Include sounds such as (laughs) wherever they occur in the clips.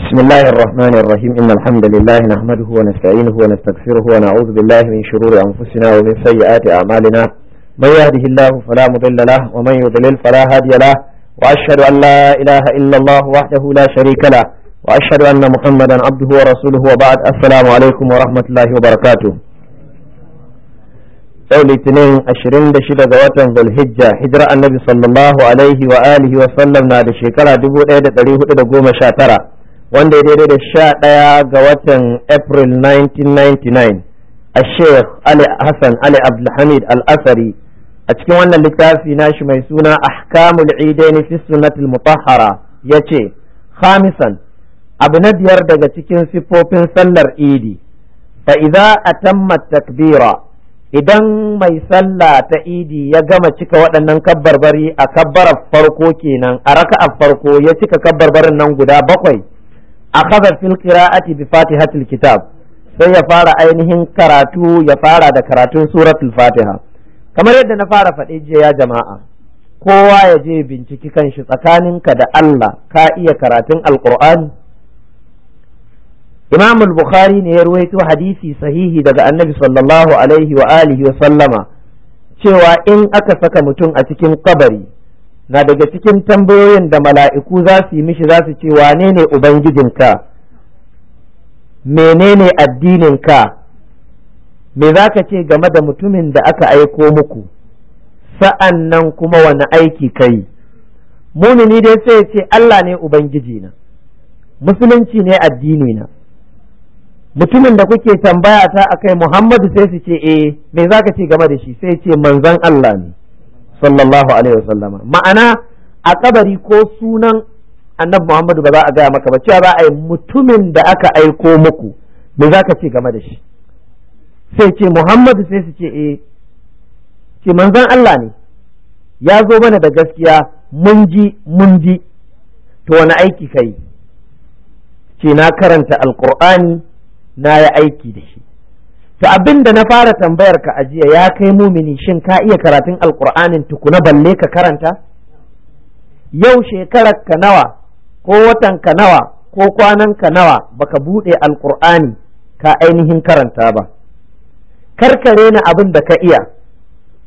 بسم الله الرحمن الرحيم إن الحمد لله نحمده ونستعينه ونستغفره ونعوذ بالله من شرور أنفسنا ومن سيئات أعمالنا من يهده الله فلا مضل له ومن يضلل فلا هادي له وأشهد أن لا إله إلا الله وحده لا شريك له وأشهد أن محمدا عبده ورسوله وبعد السلام عليكم ورحمة الله وبركاته yau litinin ashirin da shida ga watan zulhijja hijira annabi sallallahu alaihi wa alihi wa sallam na da shekara dubu ɗaya da ɗari hudu da goma sha tara wanda ya daidai da sha ɗaya ga watan april 1999 a sheikh ali hassan ali abdulhamid al-asari a cikin wannan littafi nashi mai suna ahkamul idaini fi sunnatil mutahhara ce khamisan abu na biyar daga cikin sifofin sallar idi fa a atamma takbira idan mai sallah ta idi ya gama cika waɗannan kabbarbari a kabbarar farko kenan a raka'ar farko ya cika kabbarbarin nan guda bakwai akhadha fil qira'ati bi fatihatil kitab sai ya fara ainihin karatu ya fara da karatun suratul fatiha kamar yadda na fara faɗe jiya ya jama'a kowa ya je binciki kanshi tsakaninka da Allah ka iya karatun alqur'ani Imam al-Bukhari ne ya ruwaito hadisi sahihi daga Annabi sallallahu alaihi wa alihi wa sallama cewa in aka saka mutum a cikin kabari na daga cikin tambayoyin da mala'iku za su yi mishi za su ce wane ne ubangijinka menene addininka me za ka ce game da mutumin da aka aiko muku sa'an nan kuma wani aiki kai yi mumini dai sai ce Allah ne ubangijina musulunci ne addinina. mutumin da kuke tambaya ta kai Muhammadu sai su ce eh me za ka ce game da shi sai ce manzon Allah ne sallallahu alaihi wasallam ma'ana a kabari ko sunan annabi Muhammadu ba za a gaya maka ba cewa za a yi mutumin da aka aiko muku me za ka ce game da shi sai ce Muhammadu sai su ce eh ce manzon Allah ne ya zo mana da gaskiya mun ji mun ji to wani aiki kai ce na karanta alkur'ani na yi aiki da shi to abin da na fara tambayar ka ajiya ya kai mumini shin ka iya karatun alkur'anin tukuna balle ka karanta yau shekarar ka nawa ko watan ka nawa ko kwanan ka nawa baka buɗe alkur'ani ka ainihin karanta ba karkare rena abin da ka iya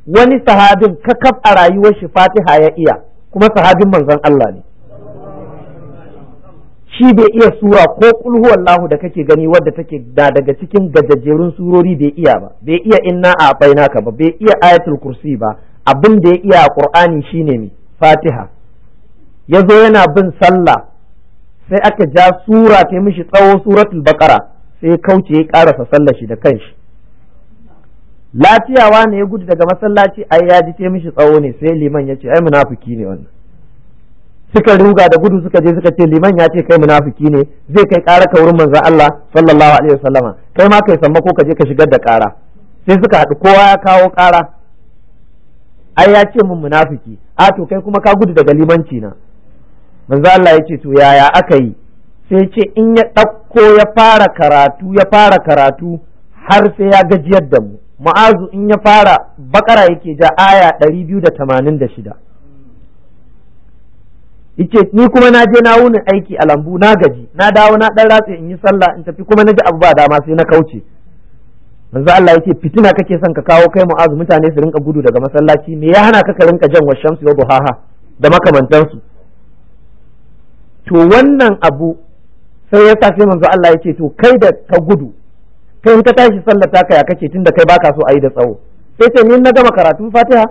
wani sahabin kakaf a rayuwar shi fatiha ya iya kuma sahabin manzon Allah ne shi bai iya sura ko kulhu Wallahu da kake gani wadda take da daga cikin gajajjerun surori bai iya ba bai iya inna a bainaka ba bai iya ayatul kursi ba abin da ya iya a qur'ani shine ne fatiha yazo yana bin sallah sai aka ja sura ta mishi tsawo suratul baqara sai kauce ya karasa sallar shi da kanshi lafiyawa ne ya gudu daga masallaci ai ya ji ta mishi tsawo ne sai liman ya ce ai munafiki ne wannan suka ruga da gudu suka je suka ce liman ya ce kai munafiki ne zai kai ƙara ka wurin manzon Allah sallallahu alaihi wasallama kai ma kai samma ko ka je ka shigar da ƙara sai suka haɗu kowa ya kawo ƙara ai ya ce mun munafiki a to kai kuma ka gudu daga limanci na manzo Allah ya ce to yaya aka yi sai ce in ya ɗauko ya fara karatu ya fara karatu har sai ya gajiyar da mu mu'azu in ya fara bakara yake ja aya ɗari biyu da tamanin da shida yace ni kuma na je na wuni aiki a lambu na gaji na dawo na dan ratse in yi sallah in tafi kuma naji abu ba dama sai na kauce manzo Allah yace fitina kake son ka kawo kai mu'azu mutane su rinka gudu daga masallaci me ya hana ka ka rinka jan su wa buhaha da makamantansu to wannan abu sai ya sai manzo Allah yace to kai da ka gudu kai in ka tashi sallar ta kaya kace tunda kai baka so ayi da tsawo sai ce ni na gama karatun Fatiha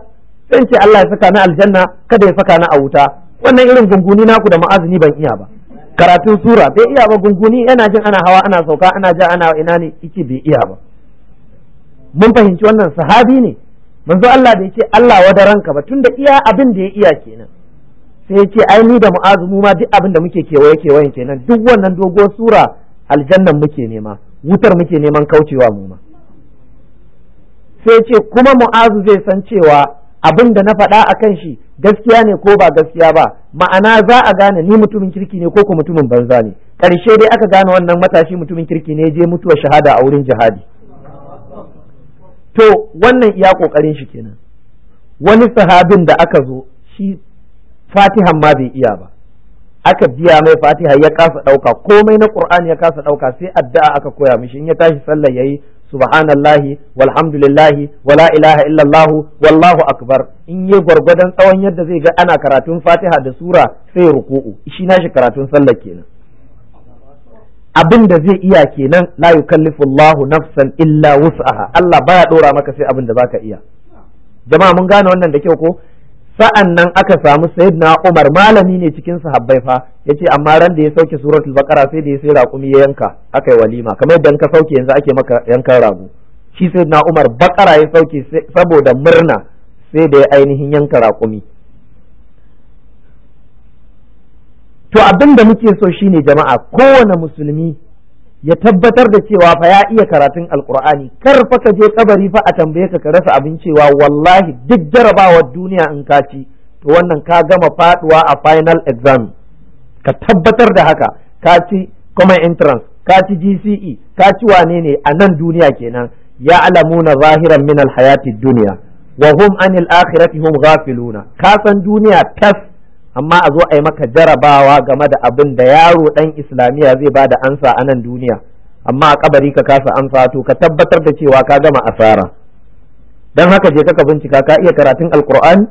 sai ce Allah ya saka ni aljanna kada ya saka ni a wuta wannan irin gunguni naku da ma'azini ban iya ba karatun sura bai iya ba gunguni yana jin ana hawa ana sauka ana ja ana ina ne yake bai iya ba mun fahimci wannan sahabi ne manzo Allah bai ce Allah wa daranka ba tunda iya abin da ya iya kenan sai ce ai ni da mu'azu mu ma duk abin da muke kewaye kewayen kenan duk wannan dogo sura aljannan muke nema wutar muke neman kaucewa mu ma sai ce kuma mu'azu zai san cewa abin da na faɗa a kan shi gaskiya ne ko ba gaskiya ba ma'ana za a gane ni mutumin kirki ne ko ko mutumin banza ne ƙarshe dai aka gane wannan matashi mutumin kirki ne je mutuwa shahada a wurin jihadi to wannan iya ƙoƙarin shi kenan wani sahabin da aka zo shi fatihan ma bai iya ba aka biya mai fatiha ya kasa ɗauka komai na ƙur'ani ya kasa ɗauka sai addu'a aka koya mishi in ya tashi sallah yayi subhanallahi walhamdulillahi wa ilaha illallah wallahu akbar in yi gwargwadon tsawon yadda zai ga ana karatun fatiha da sura sai ruku'u shi nashi karatun sallah kenan abin da zai iya kenan la yukallifu Allahu nafsan illa wus'aha Allah baya dora maka sai abin da zaka iya jama'a mun gane wannan da kyau ko sa'an nan aka samu sayyidina Umar malami ne cikin sahabbai fa Ya ce amma ran da ya sauke suratul baqara sai da ya sai raƙumi ya yanka aka yi walima kamar yadda ka sauke yanzu ake maka yankan rago shi sayyidina Umar bakara ya sauke saboda murna sai da ya ainihin yanka raƙumi to abin da muke so shine jama'a kowane musulmi ya tabbatar da cewa fa ya iya karatun alkur'ani kar fa ka je kabari fa a tambaye ka ka rasa abin cewa wallahi duk jarabawar duniya in ka ci to wannan ka gama faduwa a final exam ka tabbatar da haka ka ci common entrance ka ci GCE ka ci wane ne a nan duniya kenan ya alamuna zahiran min alhayati duniya wa hum anil akhirati hum ghafiluna ka san duniya tas amma a zo a yi maka jarabawa game da abin da yaro ɗan islamiyya zai ba da ansa a nan duniya amma a kabari ka kasa amsa to ka tabbatar da cewa ka gama asara dan haka je ka bincika ka iya karatun alqur'ani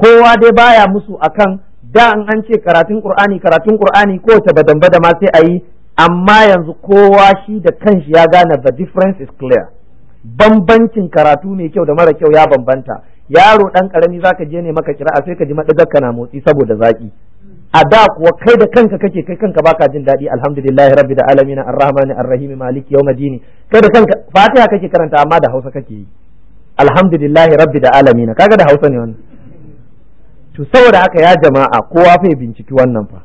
kowa dai baya musu akan da an an ce karatun qur'ani karatun qur'ani ko ta badan bada ma sai ayi amma yanzu kowa shi da kanshi ya gane the difference is clear bambancin karatu mai kyau da mara kyau ya bambanta yaro dan karami zaka je ne maka kira'a sai ka ji madagarka na motsi saboda zaki a da kuwa kai da kanka kake kai kanka baka jin daɗi alhamdulillahi da alamin arrahmanir arrahim maliki dini kai da kanka fatiha kake karanta amma da hausa kake yi alhamdulillahi da alamin kaga da hausa ne wannan to saboda haka ya jama'a kowa fa binciki wannan fa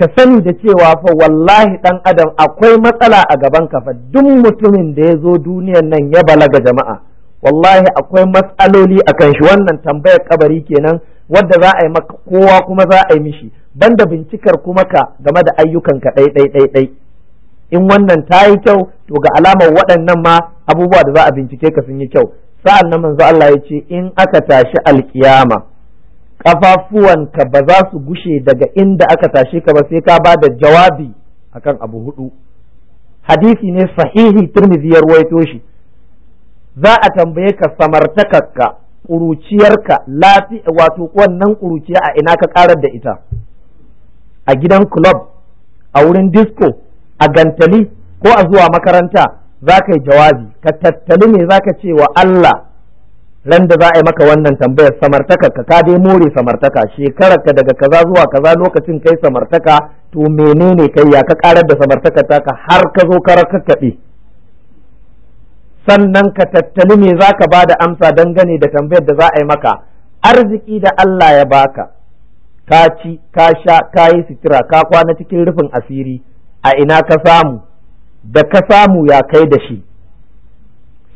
ka sani da cewa fa wallahi dan adam akwai matsala a gaban ka fa duk mutumin da ya zo duniyan nan ya balaga jama'a wallahi akwai matsaloli kan shi wannan tambayar kabari kenan wadda za a yi maka kowa kuma za a yi mishi banda bincikar kuma ka game da ayyukan ka ɗai ɗai ɗai ɗai in wannan ta yi kyau to ga alamar waɗannan ma abubuwa da za a bincike ka sun yi kyau sa'an nan manzo Allah ya ce in aka tashi alkiyama ƙafafuwanka ba za su gushe daga inda aka tashi ka ba sai ka ba da jawabi akan abu hudu hadisi ne sahihi turmizi ya ruwaito shi za a tambaye ka samartakarka ƙuruciyarka lafiya, wato wannan ƙuruciya a ina ka ƙarar da ita a gidan club a wurin disco a gantali ko a zuwa makaranta za ka yi jawabi ka tattali me za ka ce wa Allah ran da za a yi maka wannan tambayar samartaka ka ka dai more samartaka shekarar ka daga kaza zuwa kaza lokacin kai samartaka to menene kai ya ka karar da samartaka taka har ka zo ka rakkaɓe sannan ka tattali me za ka ba da amsa dangane da tambayar da za a yi maka arziki da Allah ya baka ka ci ka sha ka yi sitira ka kwana cikin rufin asiri a ina ka samu da ka samu ya kai da shi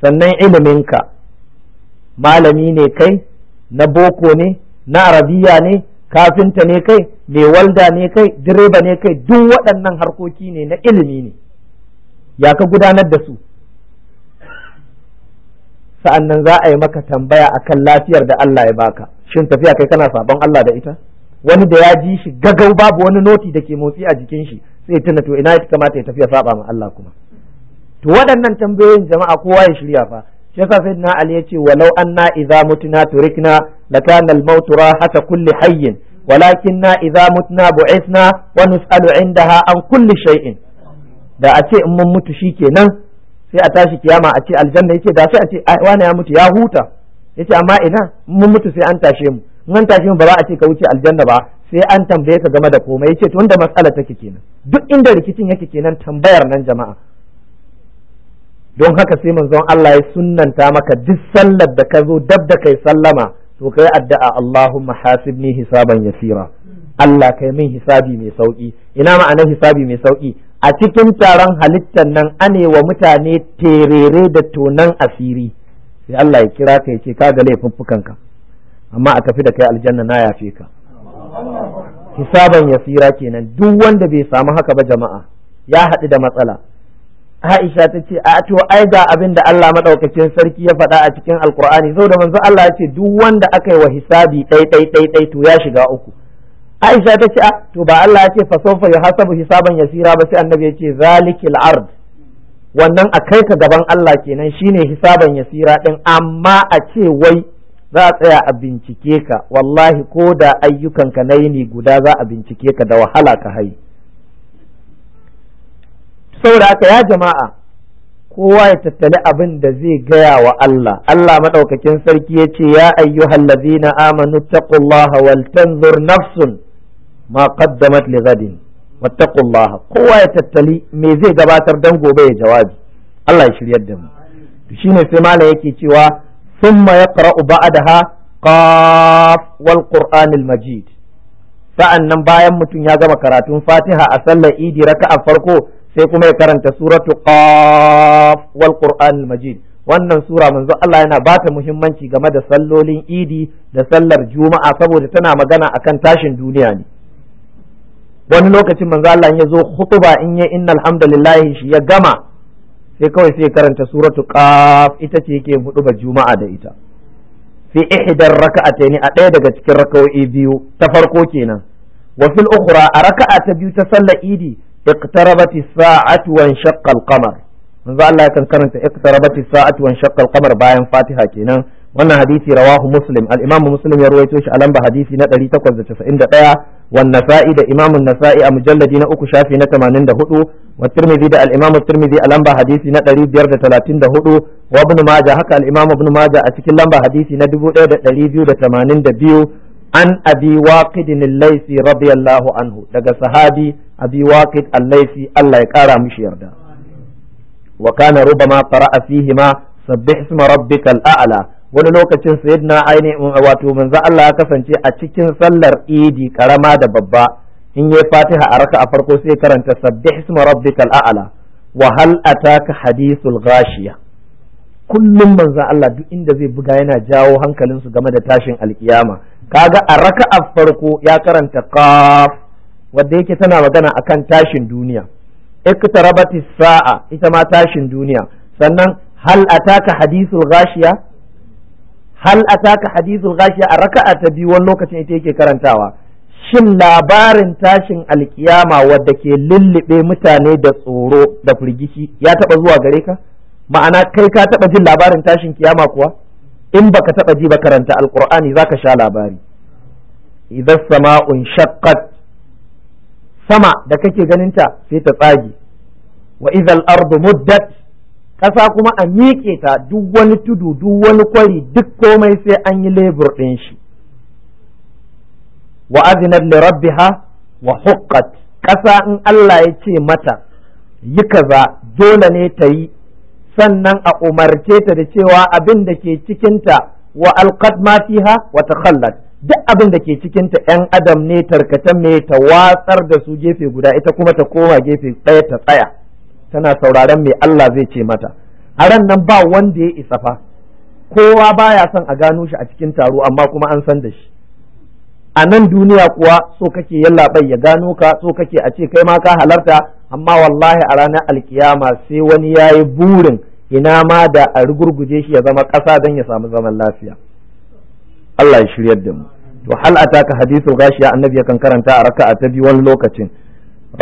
sannan iliminka malami ne kai na boko ne na arabiya ne kafinta ne kai mai walda ne kai direba ne kai duk waɗannan harkoki ne na ilimi ne ya ka gudanar da su sa'an nan za a yi maka tambaya akan lafiyar da Allah ya baka shin tafiya kai kana sabon Allah da ita wani da ya ji shi gagau babu wani noti da ke motsi a jikin shi sai tuna to ina ya kamata ya tafiya saba ma Allah kuma to waɗannan tambayoyin jama'a kowa ya shirya fa shi yasa na Ali ya ce walau anna idza mutuna turikna lakana al-maut rahata kulli hayyin walakinna idza mutuna bu'ithna wa nus'alu indaha an kulli shay'in da a ce in mun mutu shikenan sai a tashi kiyama a ce aljanna yace da sai a ce ai wani ya mutu ya huta yace amma ina mun mutu sai an tashe mu mun tashe mu ba za a ce ka wuce aljanna ba sai an tambaye ka game da komai yace to inda matsala take kenan duk inda rikicin yake kenan tambayar nan jama'a don haka sai manzon Allah ya sunnanta maka duk sallar da ka zo dab da kai sallama to kai addu'a Allahumma hasibni hisaban yasira Allah kai min hisabi mai sauki ina ma'anar hisabi mai sauki a cikin taron halittar nan ane wa mutane terere da tonan asiri sai Allah ya kira ka ya ce kaga laifuffukanka amma a tafi da kai aljanna na yafe ka hisaban yasira kenan duk wanda bai samu haka ba jama'a ya haɗu da matsala Aisha ta ce a to ai ga abin da Allah madaukakin sarki ya faɗa a cikin Alkur'ani da manzo Allah ya ce duk wanda aka yi wa hisabi ɗai ɗai ɗai ɗai to ya shiga uku Aisha ta ce ah, to ba Allah ya ce fa ya hasabu hisaban yasira ba sai annabi ya ce zalikil ard wannan a kai ka gaban Allah kenan shine hisaban yasira din amma a ce wai za a tsaya a bincike ka wallahi ko da ayyukanka na yini guda za a bincike ka da wahala ka hayi saboda haka ya jama'a kowa ya tattali abin da zai gaya wa Allah Allah madaukakin sarki ya ce ya ayyuhallazina amanu taqullaha wal tanzur nafsun ma qaddamat li ghadin wattaqullaha kowa ya tattali me zai gabatar dan gobe ya jawabi Allah ya shiryar da mu shine sai malam yake cewa thumma yaqra'u ba'daha qaf wal qur'anil majid sa'annan bayan mutum ya gama karatun Fatiha a sallar Idi raka'a farko sai kuma ya karanta suratu qaf wal qur'anil majid wannan sura manzo Allah yana ba ta muhimmanci game da sallolin Idi da sallar Juma'a saboda tana magana akan tashin duniya ne wani lokacin manzo Allah ya zo hutuba in ya inna hamdalillah shi ya gama sai kawai sai karanta suratu qaf ita ce yake ba juma'a da ita fi ihdar raka'atayn a ɗaya daga cikin raka'o'i biyu ta farko kenan wa fil ukhra a raka'a ta biyu ta sallar idi iqtarabati sa'atu wa shaqqa al-qamar manzo Allah ya kan karanta iqtarabati sa'atu wa shaqqa al-qamar bayan Fatiha kenan wannan hadisi rawahu muslim al-imam muslim ya ruwaito shi a lamba hadisi na 891 wan nasa'i da imam an-nasa'i a mujalladi na 3 shafi na 84 wa tirmidhi da al-imam tirmidhi a lamba hadisi na 534 wa ibn majah haka al-imam ibn majah a cikin lamba hadisi na 1282 an abi waqid al-laysi radiyallahu anhu daga sahabi abi waqid al-laysi Allah ya kara mishi yarda wa kana rubama qara'a fihi ma sabbih isma rabbikal a'la wani lokacin sayyidina ainihin wato manzo Allah ya kasance a cikin sallar idi karama da babba in yayi fatiha a raka a farko sai karanta sabbih isma rabbikal a'la wa hal ataka hadithul ghashiya kullum manzo Allah duk inda zai buga yana jawo hankalin su game da tashin alkiyama kaga a raka a farko ya karanta qaf wanda yake tana magana akan tashin duniya iktarabatis sa'a ita ma tashin duniya sannan hal ataka hadithul ghashiya hal ataka hadithul ghashiya a raka'a ta biyu wani lokacin ita yake karantawa shin labarin tashin alkiyama wadda ke lullube mutane da tsoro da firgici ya taba zuwa gare ka ma'ana kai ka taba jin labarin tashin kiyama kuwa in baka taba ji ba karanta alqur'ani zaka sha labari idan sama'un shaqqat sama da kake ganin ta sai ta tsage wa izal ardu muddat ƙasa kuma a miƙe ta duk wani tudu duk wani kwari duk komai sai an yi lebur ɗin shi wa azinat li rabbiha wa huqqat ƙasa in Allah ya ce mata yi kaza dole ne ta yi sannan a umarce ta da cewa abin da ke cikinta wa alqat ma fiha wa takhallat duk abin da ke cikinta ‘yan adam ne tarkacen mai ta watsar da su gefe guda ita kuma ta koma gefe ɗaya ta tsaya tana sauraron me Allah zai ce mata a ran nan ba wanda ya isa fa kowa baya son a gano shi a cikin taro amma kuma an san da shi a nan duniya kuwa so kake yallaɓai ya gano ka so kake a ce kai ma ka halarta amma wallahi a ranar alkiyama sai wani ya yi burin ina ma da a rugurguje shi ya zama ƙasa don ya samu zaman lafiya Allah ya shiryar da mu to hal taka gashi gashiya annabi yakan karanta a raka'a ta biyu wani lokacin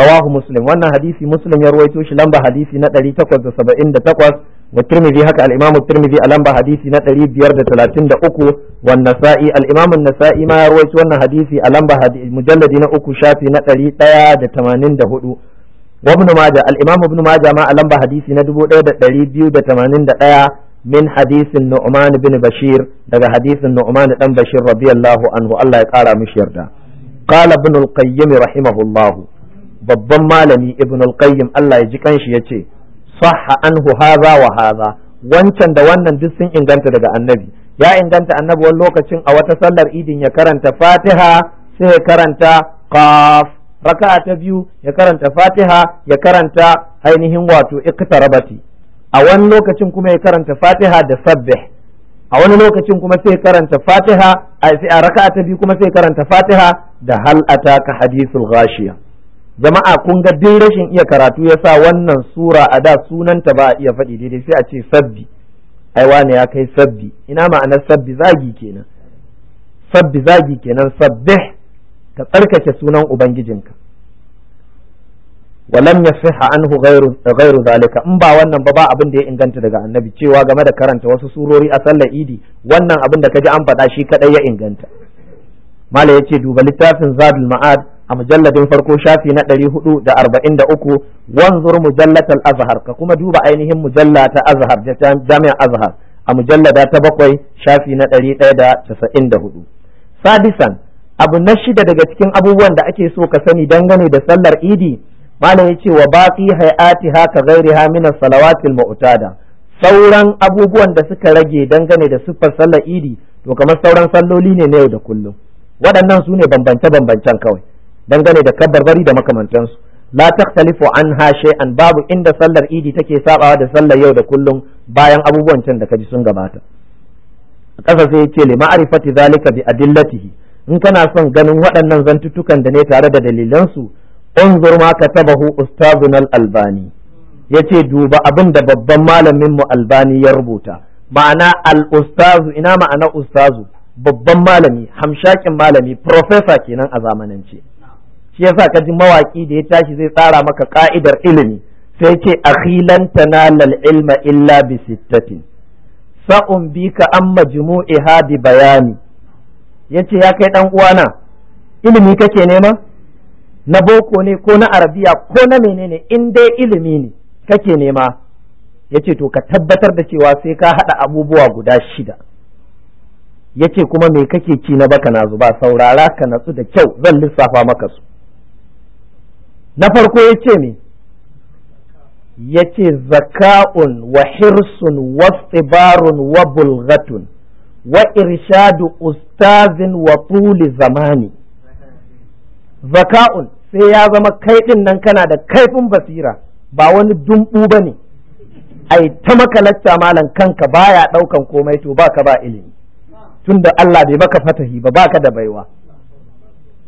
rawahu muslim wannan hadisi muslim ya ruwaito shi lamba hadisi na 878 wa tirmidhi haka al-imam tirmidhi a lamba hadisi na 533 wa nasa'i al-imam an-nasa'i ma ya wannan hadisi a lamba mujalladi na uku shafi na 184 wa ibn majah al-imam ibn majah ma a lamba hadisi na 1281 min hadisin nu'man bin bashir daga hadisin nu'man dan bashir radiyallahu anhu Allah ya kara mishi yarda قال ابن القيم رحمه الله babban malami ibn al-qayyim Allah ya ji kanshi ya ce sahha anhu hadha wa hadha wancan da wannan duk sun inganta daga annabi ya inganta annabi wani lokacin a wata sallar idin ya karanta fatiha sai ya karanta qaf raka'a ta biyu ya karanta fatiha ya karanta ainihin wato iktarabati a wani lokacin kuma ya karanta fatiha da sabbih a wani lokacin kuma sai karanta fatiha a raka'a ta biyu kuma sai karanta fatiha da hal ataka hadithul ghashiyah jama'a kun ga duk rashin iya karatu ya sa wannan sura a da sunanta ba a iya faɗi daidai sai a ce sabbi ai wane ya kai sabbi ina ma'anar sabbi zagi kenan sabbi zagi kenan sabbih ka tsarkake sunan ubangijinka walam yasiha anhu ghairu ghayru zalika in ba wannan ba ba abin da ya inganta daga annabi cewa game da karanta wasu surori a sallar idi wannan abin da kaji an faɗa shi kadai ya inganta ya yace duba littafin zadul ma'ad a mujalladin farko shafi na ɗari hudu da arba'in da uku wanzur mujallatal azhar ka kuma duba ainihin mujalla ta azhar jami'an azhar a mujallada ta bakwai shafi na ɗari ɗaya da casa'in da hudu sadisan abu na shida daga cikin abubuwan da ake so ka sani dangane da sallar idi malam ce wa baqi hayati haka gairi min as-salawatil mu'tada sauran abubuwan da suka rage dangane da siffar sallar idi to kamar sauran salloli ne na yau da kullum waɗannan su ne bambance-bambancen kawai dangane da kabarbari da makamantansu la takhtalifu anha shay'an babu inda sallar idi take sabawa da sallar yau da kullum bayan abubuwan can da kaji sun gabata a ƙasa sai yace li ma'rifati zalika bi adillatihi in kana son ganin waɗannan zantuttukan da ne tare da dalilansu unzur ma katabahu ustazun al-albani yace duba abin da babban malamin mu albani ya rubuta ma'ana al-ustazu ina ma'ana ustazu babban malami hamshakin malami professor kenan a zamanance shi yasa ka ji mawaki da ya tashi zai tsara maka ka'idar ilimi sai ce akhilan tanalal ilma illa bi sittatin sa'un bika an majmu'iha Hadi, bayani yace ya kai ɗan uwana ilimi kake nema na boko ne ko na arabiya ko na menene in dai ilimi ne kake nema yace to ka tabbatar da cewa sai ka haɗa abubuwa guda shida yace kuma me kake ci na baka na zuba saurara ka natsu da kyau zan lissafa maka su na farko ya ce me ya ce zaka'un wa hirsun wa tsibarun wa bulgatun wa irshadu ustazin wa tuli zamani zaka'un sai ya zama kai ɗin nan kana da kaifin basira ba wani dumbu ba ne ai ta makalacta malam kanka baya ɗaukan komai to baka ba ilimi tunda Allah bai maka fatahi ba baka da baiwa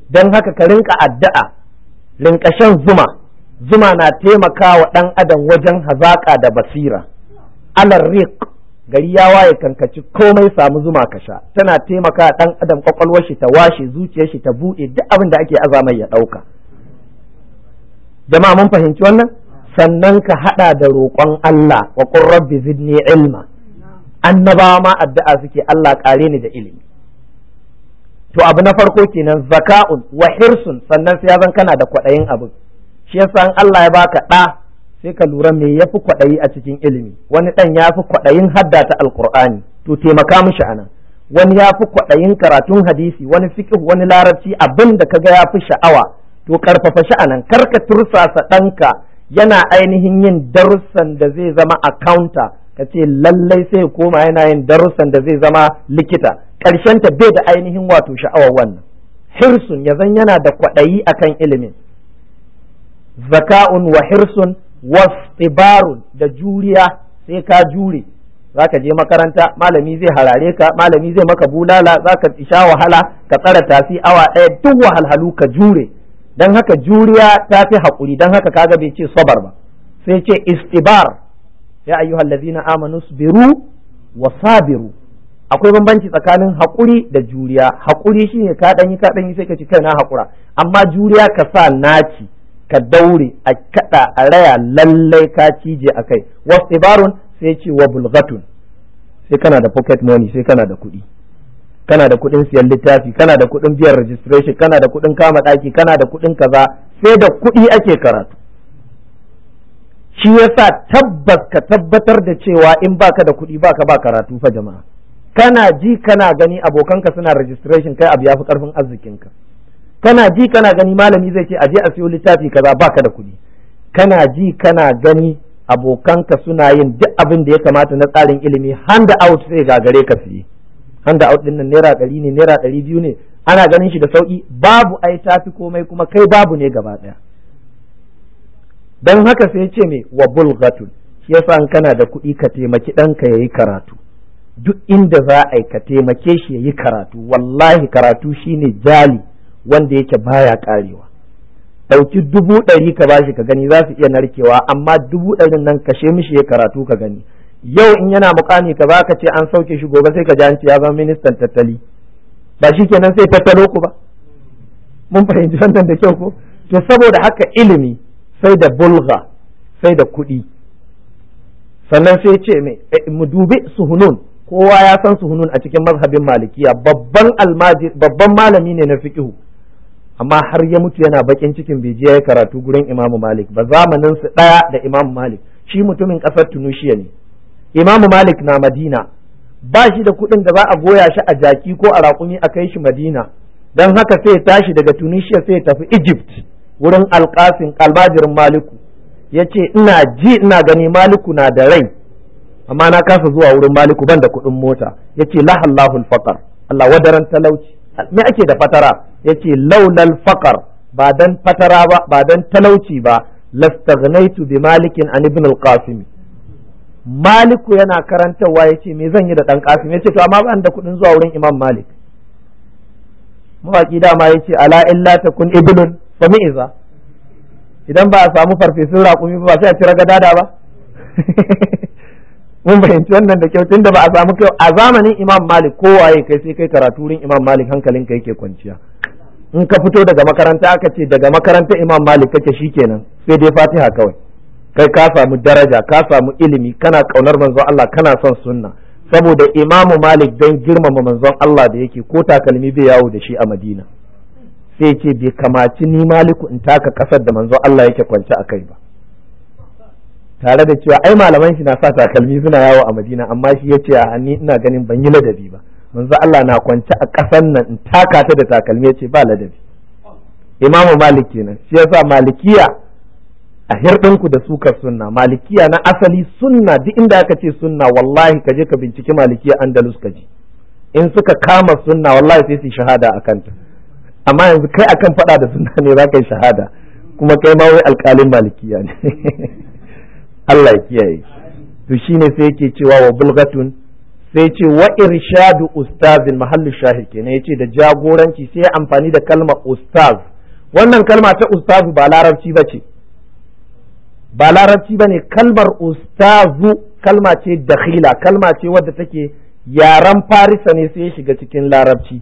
dan haka ka rinka addu'a Linƙashen zuma zuma na taimakawa ɗan adam wajen hazaƙa da basira alar rik gari ya waye kankaci komai samu zuma ka sha tana taimakawa ɗan adam ƙwaƙwalwar shi ta washe zuciyar shi ta buɗe duk abin da ake azamai ya ɗauka jama'a mun fahimci wannan sannan ka haɗa da roƙon Allah wa qur rabbi zidni ilma annabawa ma addu'a suke Allah ƙare ni da ilimi to abu na farko kenan zaka'un wa hirsun sannan sai ya zan kana da kwaɗayin abu shi yasa san Allah ya baka ɗa sai ka lura me yafi kwaɗayi a cikin ilimi wani ɗan ya fi kwaɗayin hadda ta alƙur'ani to taimaka mishi anan wani ya fi kwaɗayin karatun hadisi wani fiqh wani larabci abin da kaga ya fi sha'awa to karfafa shi anan kar ka tursasa ɗanka yana ainihin yin darussan da zai zama accounta ka ce lallai sai koma yana yin darussan da zai zama likita ƙarshen ta bai da ainihin wato sha'awar wannan hirsun ya zan yana da kwaɗayi akan ilimin zaka'un wa hirsun wastibarun da juriya sai ka jure za ka je makaranta malami zai harare ka malami zai maka bulala za ka sha wahala ka tsara tasi awa ɗaya duk wahalhalu ka jure don haka juriya ta fi haƙuri don haka kaga bai ce sabar ba sai ce istibar ya ayyuhal ladina amanu biru wa sabiru akwai bambanci tsakanin haƙuri da juriya haƙuri shine ka ɗanyi ka ɗanyi sai ka ci kai na haƙura amma juriya ka sa naci ka daure a kaɗa a raya lallai ka cije a kai wasu ibarun sai ce wa bulgatun sai kana da pocket money sai kana da kuɗi kana da kuɗin siyan littafi kana da kuɗin biyan registration kana da kuɗin kama ɗaki kana da kuɗin kaza sai da kuɗi ake karatu shi yasa tabbas ka tabbatar da cewa in baka da kuɗi baka ba karatu fa jama'a kana ji kana gani abokanka suna registration kai abu ya fi karfin arzikinka kana ji kana gani malami zai ce aje a siyo littafi kaza baka da kuɗi kana ji kana gani abokanka suna yin duk abin da ya kamata na tsarin ilimi hand out sai gagare ka siye hand out din nan naira ɗari ne naira ɗari biyu ne ana ganin shi da sauki babu ai tafi komai kuma kai babu ne gaba ɗaya don haka sai ce me wa bulghatun shi yasa in kana da kuɗi ka taimaki ɗanka ya yi karatu duk inda za a yi ka taimake shi ya yi karatu wallahi karatu shine jali wanda yake baya karewa ɗauki dubu ɗari ka bashi ka gani za su iya narkewa amma dubu ɗarin nan kashe mishi ya karatu ka gani yau in yana mukami ka baka ce an sauke shi gobe sai ka ji an ce ya zama ministan tattali ba shi kenan sai tattalo ku ba mun fahimci wannan da kyau ko to saboda haka ilimi sai da bulga sai da kuɗi sannan sai ce eh, mu dubi suhunun kowa ya san suhunun a cikin mazhabin malikiya babban almaji babban malami ne na fiqhu amma har ya mutu yana bakin cikin bijiya ya karatu gurin imamu malik ba zamanin su daya da imamu malik shi mutumin kasar tunushiya ne imamu malik na madina ba shi da kuɗin da za a goya shi a jaki ko a raƙumi a kai shi madina don haka sai tashi daga tunisia sai tafi egypt wurin alƙasin almajirin maliku ya ce ina ji ina gani maliku na da rai amma na kasa zuwa wurin maliku ban da kuɗin mota yace lahallahu faqar Allah wadaran talauci me ake da fatara yace laulal faqar ba dan fatara ba ba dan talauci ba lastaghnaitu bi malikin an ibn al-qasim maliku yana karantarwa ce me zan yi da dan qasim yace to amma ban da kuɗin zuwa wurin imam malik mawaki dama yace ala illa takun ibnun fa iza idan ba a samu farfesun raƙumi ba sai a ci ragada ba (laughs) mun fahimci wannan da kyau tunda ba a samu kyau a zamanin imam malik kowaye kai sai kai karatu wurin imam malik hankalin ka yake kwanciya in ka fito daga makaranta aka ce daga makaranta imam malik kake kenan? sai dai fatiha kawai kai ka samu daraja ka samu ilimi kana kaunar manzon Allah kana son sunna saboda imamu malik don girmama manzon Allah da yake ko takalmi bai yawo da shi a madina sai ce bai kamaci ni maliku in taka kasar da manzon Allah yake kwance a kai ba tare da cewa ai malaman shi na sa takalmi suna yawo a madina amma shi ya ce a hannu ina ganin ban yi ladabi ba manzo Allah na kwance a ƙasan nan in taka ta da takalmi ya ce ba ladabi imamu malik kenan shi sa malikiya a hirɗinku da sukar sunna malikiya na asali sunna duk inda aka ce sunna wallahi ka je ka binciki malikiya andalus ka ji in suka kama sunna wallahi sai su shahada a kanta amma yanzu kai akan faɗa da sunna ne za ka yi shahada kuma kai ma wai alƙalin malikiya ne (laughs) Allah ya kiyaye to shine sai yake cewa wa bulgatun sai ce wa irshadu ustazin mahallu shahid kenan yace da jagoranci sai amfani da kalma ustaz wannan kalma ta ustazu ba larabci bace ba larabci bane kalmar ustazu kalma ce dakhila kalma ce wadda take yaran farisa ne sai ya shiga cikin larabci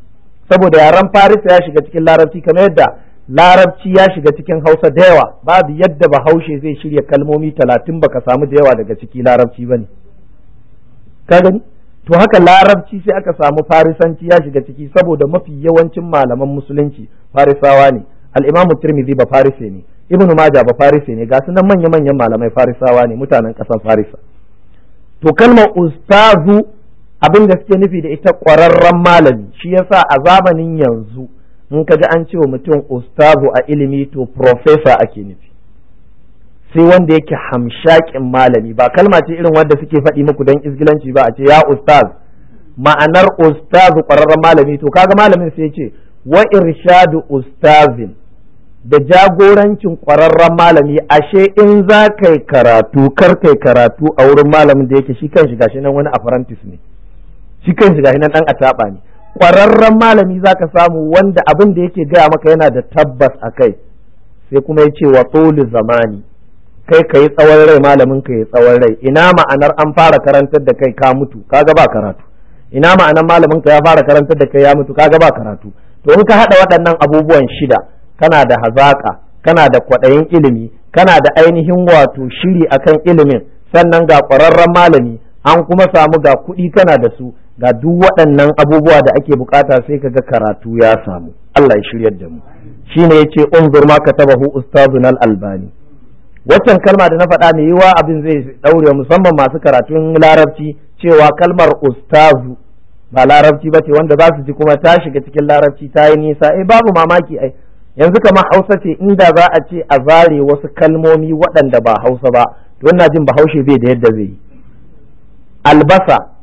saboda yaran farisa ya shiga cikin larabci kamar yadda larabci ya shiga cikin hausa da yawa babu yadda bahaushe zai shirya kalmomi talatin baka samu da yawa daga ciki larabci ba ne ka to haka larabci sai aka samu farisanci ya shiga ciki saboda mafi yawancin malaman musulunci farisawa ne al'imamu tirmidhi ba farise ne ibnu maja ba farise ne ga sunan manya manyan malamai farisawa ne mutanen ƙasar farisa to kalmar ustazu abinda suke nufi da ita kwararren malami shi yasa a zamanin yanzu in ka ji an ce wa mutum ustazu a ilimi to profesa ake nufi sai wanda yake hamshakin malami ba kalma ce irin wanda suke faɗi muku don izgilanci ba a ce ya ustaz ma'anar ustazu ƙwararren malami to kaga malamin sai ce wa irshadu ustazin da jagorancin ƙwararren malami ashe in za ka yi karatu kar kai karatu a wurin malamin da yake shi kan shiga shi nan wani apprentice ne shi kan shiga shi nan ɗan ataɓa ne ƙwararren malami za ka samu wanda abin da yake gaya maka yana da tabbas a kai sai kuma ya ce wa tsoli zamani kai ka yi tsawon rai malamin ka yi tsawon rai ina ma'anar an fara karantar da kai ka mutu ka ba karatu ina ma'anar malamin ka ya fara karantar da kai ya mutu ka ba karatu to in ka haɗa waɗannan abubuwan shida kana da hazaka kana da kwaɗayin ilimi kana da ainihin wato shiri akan ilimin sannan ga ƙwararren malami an kuma samu ga kuɗi kana da su ga duk waɗannan abubuwa da ake bukata sai kaga karatu ya samu Allah ya shiryar da mu Shi shine yace unzur ma katabahu ustazun al-albani waccan kalma da na faɗa mai yiwa abin zai ɗaure musamman masu karatun larabci cewa kalmar ustazu ba larabci ba ce wanda za su ji kuma ta shiga cikin larabci ta yi nisa eh babu mamaki ai yanzu kamar hausa ce inda za a ce a zare wasu kalmomi waɗanda ba hausa ba to ina jin bahaushe bai da yadda zai yi albasa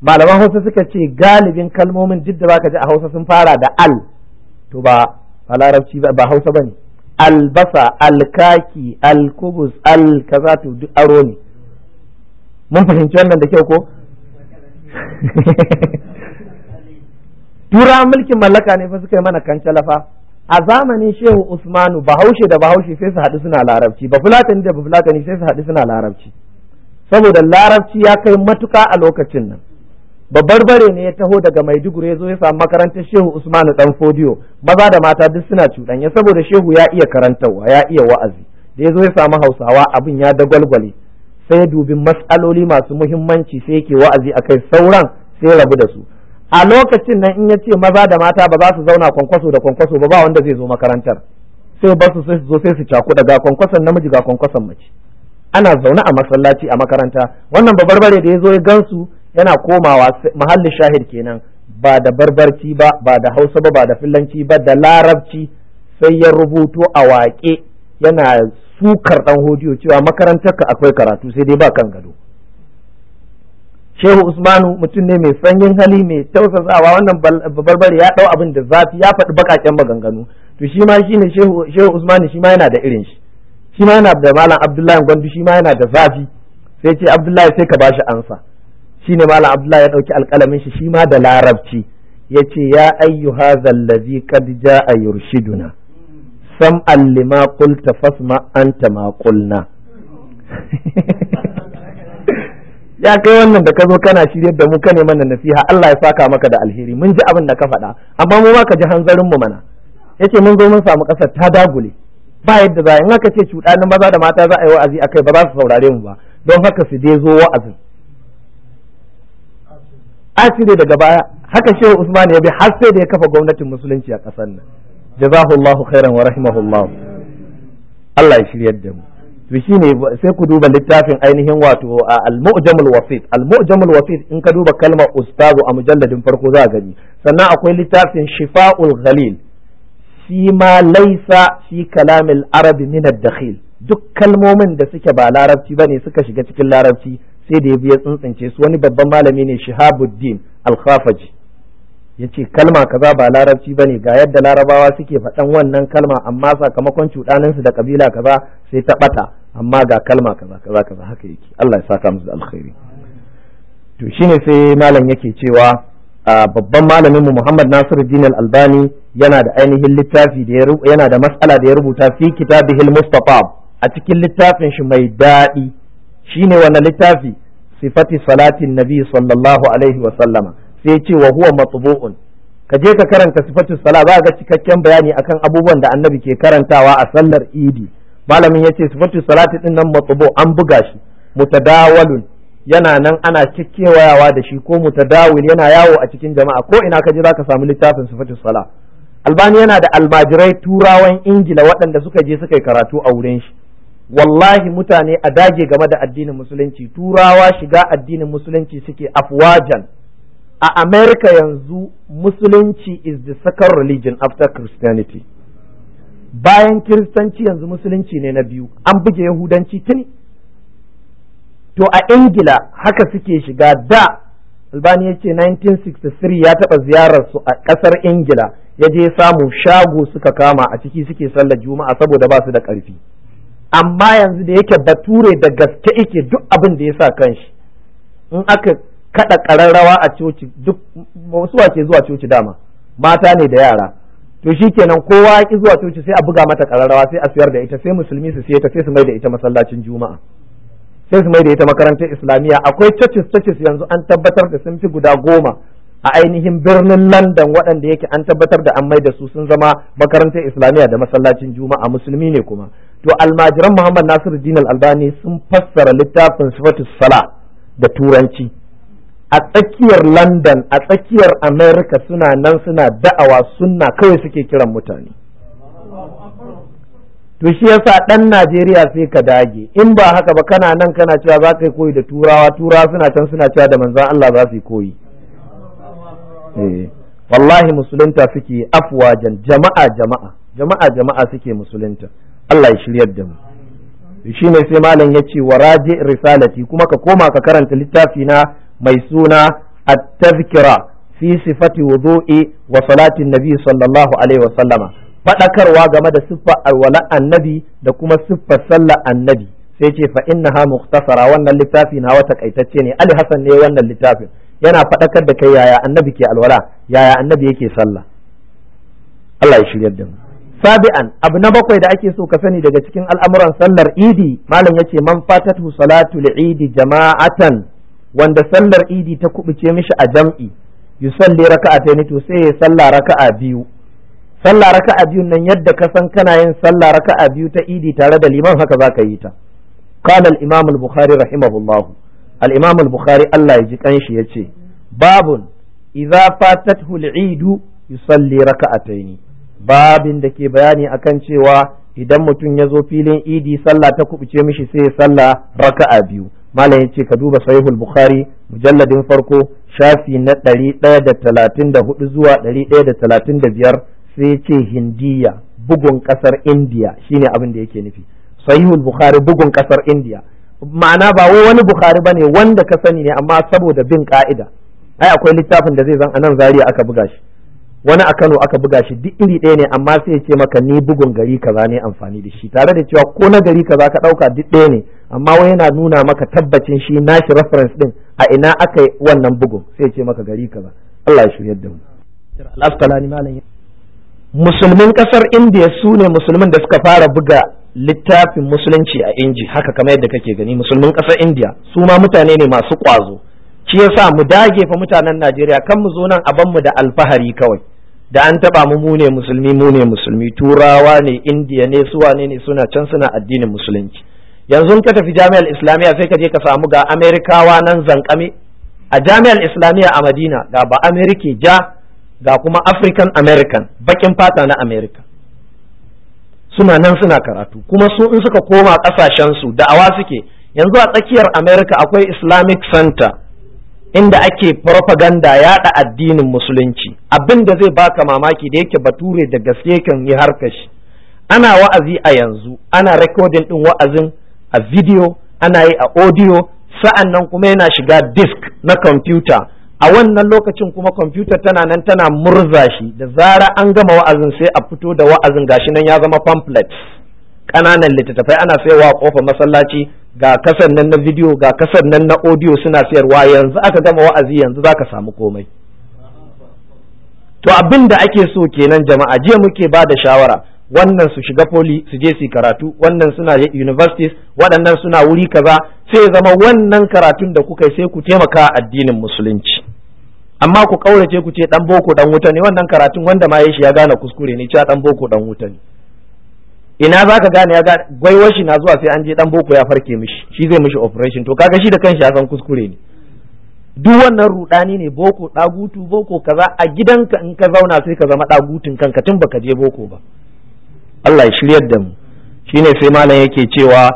malaman hausa suka ce galibin kalmomin duk da ka ji a hausa sun fara da al to ba a larabci ba hausa bane albasa alkaki alkubus al to duk aro ne mun fahimci wannan da kyau ko (laughs) tura mulkin mallaka ne fa suka yi mana kancalafa a zamanin shehu usmanu bahaushe da bahaushe sai su haɗu suna larabci ba fulatani da ba fulatani sai su haɗu suna larabci saboda larabci ya kai matuka a lokacin nan babbar bare ne ya taho daga maiduguri ya zo ya samu makarantar shehu usmanu dan fodiyo maza da mata duk suna cuɗanya saboda shehu ya iya karantarwa ya iya wa'azi da ya zo ya samu hausawa abin ya da dagwalgwale sai ya dubi matsaloli masu muhimmanci sai yake wa'azi akai sauran sai rabu da su a lokacin nan in ya ce maza da mata ba za su zauna kwankwaso da kwankwaso ba ba wanda zai zo makarantar sai ba su zo sai su cakuɗa daga kwankwason namiji ga kwankwason mace ana zaune a masallaci a makaranta wannan babbar bare da ya zo ya gansu yana komawa mahallin shahid kenan ba da barbarci ba ba da hausa ba ba da filanci ba da larabci sai ya rubuto a waƙe yana sukar ɗan hodiyo cewa makarantar ka akwai karatu sai dai ba kan gado shehu usmanu mutum ne mai sanyin hali mai tausasawa wannan barbare ya ɗau abin da zafi ya faɗi baƙaƙen maganganu to shi ma shine shehu usmanu shi ma yana da irin shi shi ma yana da malam abdullahi gwandu shi ma yana da zafi sai ce abdullahi sai ka bashi ansa ne malam abdullahi ya ɗauki alƙalamin shi shi ma da larabci yace ya ayyuha zallazi qad a yurshiduna sam lima qulta fasma anta ma qulna (laughs) ya kai wannan da ka zo kana shiryar da mu ka ne mana nasiha Allah ya saka maka da alheri mun ji abin da ka faɗa amma mu ma ka ji hanzarin mu mana yace mun zo mun samu ƙasar ta dagule ba yadda za in aka ce cuɗanin maza da mata za a yi wa'azi akai ba za su saurare mu ba don haka su dai zo wa'azin asiri daga baya haka shehu usman ya bi har sai da ya kafa gwamnatin musulunci a ƙasar nan jazahullahu khairan wa rahimahullahu Allah ya shiryar da mu to shine sai ku duba littafin ainihin wato al-mu'jamul wasit al-mu'jamul wasit in ka duba kalmar ustazu a mujalladin farko za gani sannan akwai littafin shifa'ul ghalil fi ma laisa fi kalamil arabi min ad-dakhil duk kalmomin da suke ba larabci bane suka shiga cikin larabci sai da ya biya tsuntsince su wani babban malami ne shihabuddin al-khafaji ya ce kalma kaza ba larabci ba ne ga yadda larabawa suke faɗan wannan kalma amma sakamakon cuɗaninsu da kabila kaza sai ta ɓata amma ga kalma kaza kaza kaza haka yake Allah ya saka musu alkhairi to shine sai malam yake cewa babban malamin mu Muhammad Nasiruddin Al-Albani yana da ainihin littafi da yana da mas'ala da ya rubuta fi kitabihil mustafab a cikin littafin shi mai daɗi shine wannan littafi sifati salatin nabi sallallahu alaihi wa sallama sai ce wa huwa matbu'un ka je ka karanta sifatu sala ba ga cikakken bayani akan abubuwan da annabi ke karantawa a sallar idi malamin yace sifatu salati din nan matbu an buga shi mutadawalun yana nan ana kikkewayawa da shi ko mutadawil yana yawo a cikin jama'a ko ina ka je zaka samu littafin sifatu sala albani yana da almajirai turawan ingila waɗanda suka je suka yi karatu a wurin shi wallahi mutane a dage game da addinin musulunci turawa shiga addinin musulunci suke afwajan a america yanzu musulunci is the second religion after christianity bayan kiristanci yanzu musulunci ne na biyu an buge yahudanci tuni to a ingila haka suke shiga da albani ya ce 1963 ya taɓa ziyarar su a ƙasar ingila ya je samu shago suka kama a ciki suke sallar juma'a saboda ba su da ƙarfi amma yanzu da yake bature da gaske yake duk abin da ya sa kan shi in aka kada kararrawa a coci duk wasu wace zuwa coci dama mata ne da yara to shi shikenan kowa ya ki zuwa coci sai a buga mata kararrawa sai a siyar da ita sai musulmi su siye ta sai su mai da ita masallacin juma'a sai su mai da ita makarantar islamiyya akwai coci coci yanzu an tabbatar da sun fi guda goma a ainihin birnin London waɗanda yake an tabbatar da an mai da su sun zama makarantar Islamiyya da masallacin Juma'a musulmi ne kuma to almajiran Muhammad Nasiru al Albani sun fassara littafin Sifatu Sala da Turanci a tsakiyar London a tsakiyar America suna nan suna da'awa sunna kawai suke kiran mutane to shi yasa dan Najeriya sai ka dage in ba haka ba kana nan kana cewa za ka yi koyi da turawa turawa suna can suna cewa da manzon Allah za su yi koyi Eh, wallahi musulunta suke afwajan jama'a jama'a jama'a jama'a suke musulunta Allah ya shiryar da mu shi ne sai malam ya ce wa raji risalati kuma ka koma ka karanta littafi na mai suna at-tazkira fi sifati wudu'i wa salatin nabi sallallahu alaihi wa sallama fadakarwa game da siffa alwala annabi da kuma siffa sallar annabi sai ce fa innaha muktasara wannan littafi na wata kaitacce ne ali Hassan ne wannan littafin yana faɗakar da kai yaya annabi ke alwala yaya annabi yake sallah Allah ya shiryar da mu sabi'an abu na bakwai da ake so ka sani daga cikin al'amuran sallar idi malam yace man fatatu salatu al-idi jama'atan wanda sallar idi ta kubuce mishi a jam'i yusalli raka'atayn to sai ya salla raka'a biyu sallah raka'a biyu nan yadda ka san kana yin sallah raka'a biyu ta idi tare da liman haka zaka yi ta qala al-imam al-bukhari rahimahullahu al-imam al Allah ya ji kanshi yace babun idza fatathu al-eid yusalli raka'ataini babin da ke bayani akan cewa idan mutum ya zo filin idi sallah ta kubuce mishi sai ya sallah raka'a biyu malam yace ka duba sahihul bukhari mujalladin farko shafi na 134 zuwa 135 sai yace hindiya bugun kasar indiya shine abin da yake nufi sahihul bukhari bugun kasar indiya ma'ana ba wai wani bukhari bane wanda ka sani ne amma saboda bin ka'ida ai akwai littafin da zai zan anan zariya aka buga shi wani a Kano aka buga shi duk iri ɗaya ne amma sai ya ce maka ni bugun gari kaza ne amfani da shi tare da cewa ko na gari kaza ka ɗauka duk ɗaya ne amma wai yana nuna maka tabbacin shi nashi reference din a ina aka yi wannan bugun sai ya ce maka gari kaza Allah ya shiryar da mu musulmin kasar indiya su ne musulmin da suka fara buga littafin musulunci a inji haka kamar yadda kake gani musulmin ƙasar indiya su ma mutane ne masu ƙwazo shi yasa mu dage fa mutanen najeriya kan mu zo nan a ban mu da alfahari kawai da an taba mu mu ne musulmi mu musulmi turawa ne indiya ne su ne suna can suna addinin musulunci yanzu ka tafi jami'ar islamiyya sai ka je ka samu ga amerikawa nan zankame a jami'ar islamiyya a madina ga ba amerika ja ga kuma african american bakin fata na america suna nan suna karatu kuma su in suka koma da da'awa suke yanzu a tsakiyar america akwai islamic center inda ake propaganda yaɗa addinin musulunci abin da zai baka mamaki da yake bature da gaske kan yi harkashi shi ana wa'azi a yanzu ana recording din wa'azin a video ana yi a audio sa'an nan kuma yana shiga disk na computer a wannan lokacin kuma kwamfutar tana nan tana murza shi da zara an gama wa'azin sai a fito da wa'azin gashi nan ya zama pamphlet ƙananan littattafai ana sayarwa a kofar masallaci ga kasar nan na bidiyo ga kasar nan na audio suna sayarwa yanzu aka gama wa'azi yanzu zaka samu komai to abin da ake so kenan jama'a jiya muke ba da shawara wannan su shiga poli su je su karatu wannan suna universities waɗannan suna wuri kaza sai zama wannan karatun da kuka sai ku taimaka addinin musulunci amma ku kaurace ku ce dan boko dan wuta ne wannan karatun wanda ma shi ya gane kuskure ne cewa dan boko dan wuta ne ina za ka gane ya ga? Gwaiwashi na zuwa sai an je dan boko ya farke mishi shi zai mishi operation to kaga shi da kanshi ya san kuskure ne duk wannan rudani ne boko dagutu boko kaza a gidanka in ka zauna sai ka zama dagutun kanka tun baka je boko ba Allah ya shiryar da mu shine sai malam yake cewa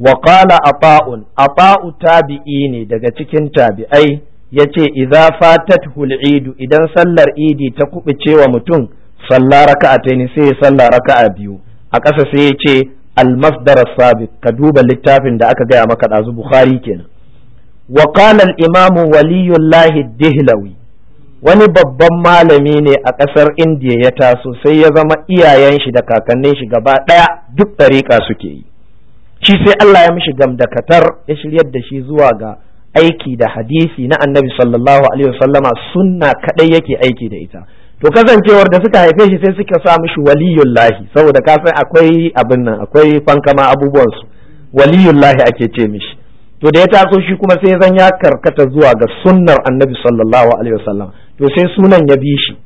wa qala ata'un ata'u tabi'i ne daga cikin tabi'ai ya ce idza fatat idu idan sallar idi ta kuɓuce wa mutum salla raka'ataini sai ya salla raka'a biyu a ƙasa sai ya ce al-masdar sabit ka duba littafin da aka gaya maka ɗazu bukhari kenan wa qala al-imam waliyullah dihlawi wani babban malami ne a ƙasar indiya ya taso sai ya zama iyayen shi da kakannin shi gaba ɗaya duk ɗariƙa suke yi shi sai Allah ya mishi gamdakatar ya shiryar da shi zuwa ga aiki da hadisi na annabi sallallahu alaihi wasallama sunna kadai yake aiki da ita to kasancewar da suka haife shi sai suka sa mishi waliyullahi saboda ka san akwai abin nan akwai fankama abubuwansu waliyun lahi ake ce mishi to da ya taso shi kuma sai zan ya karkata zuwa ga sunnar annabi sallallahu alaihi wasallam to sai sunan ya bi shi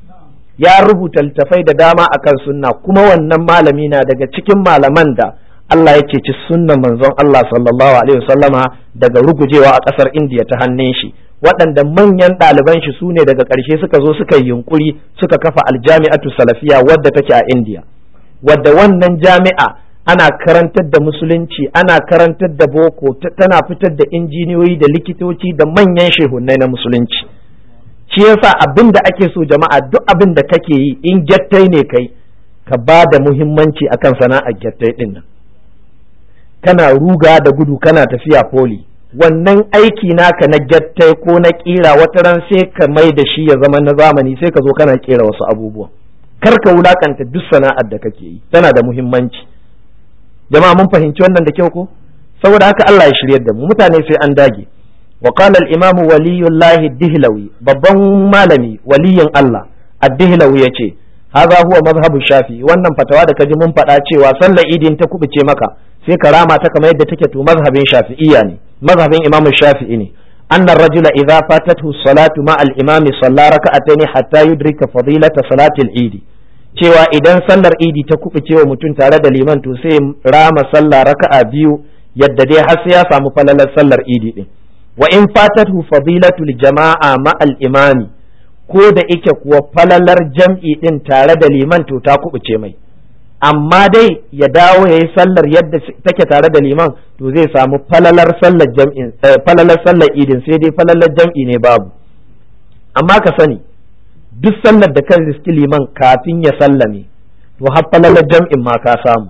ya rubuta littafai da dama akan sunna kuma wannan malami na daga cikin malaman da Allah ya ceci sunnan manzon Allah sallallahu alaihi wasallama daga rugujewa a ƙasar Indiya ta hannun shi waɗanda manyan ɗaliban shi su ne daga ƙarshe suka zo suka yi yunkuri suka kafa aljami'atu salafiya wadda take a Indiya wadda wannan jami'a ana karantar da musulunci ana karantar da boko tana fitar da injiniyoyi da likitoci da manyan shehunnai na musulunci shi yasa abin da ake so jama'a duk abin da kake yi in gyattai ne kai ka ba da muhimmanci akan sana'ar gyattai ɗin nan kana ruga da gudu kana tafiya foli, wannan aiki naka na gyattai ko na kira wata ran sai ka mai da shi ya zama na zamani sai ka zo kana kera wasu abubuwa kar ka wulakanta duk sana'ar da kake yi tana da muhimmanci jama'a mun fahimci wannan da kyau ko saboda haka Allah ya shiryar da mu mutane sai an dage wa qala al imam waliyullahi dihlawi babban malami waliyin Allah ad-dihlawi yace hadha huwa mazhabu shafi wannan fatawa da kaji mun faɗa cewa sallar idin ta kubuce maka sai ka rama kamar yadda take to mazhabin shafi'iyya ne mazhabin imamu shafi'i ne أن الرجل إذا فاتته الصلاة مع الإمام صلى ركعتين حتى يدرك فضيلة صلاة idi. cewa idan sallar idi ta kubuce wa mutum tare da liman to sai rama sallah raka'a biyu yadda dai har sai ya samu falalar sallar idi din wa in fatatu fadilatul jama'a ma al imami ko da ike kuwa falalar jam'i ɗin tare da liman to ta kubuce mai amma dai ya dawo ya yi sallar yadda take tare da liman to zai samu eh, falalar sallar idin sai dai falalar jam'i ne babu amma ka sani duk sallar da kan riski liman kafin ya sallame to har falalar jam'in ma ka samu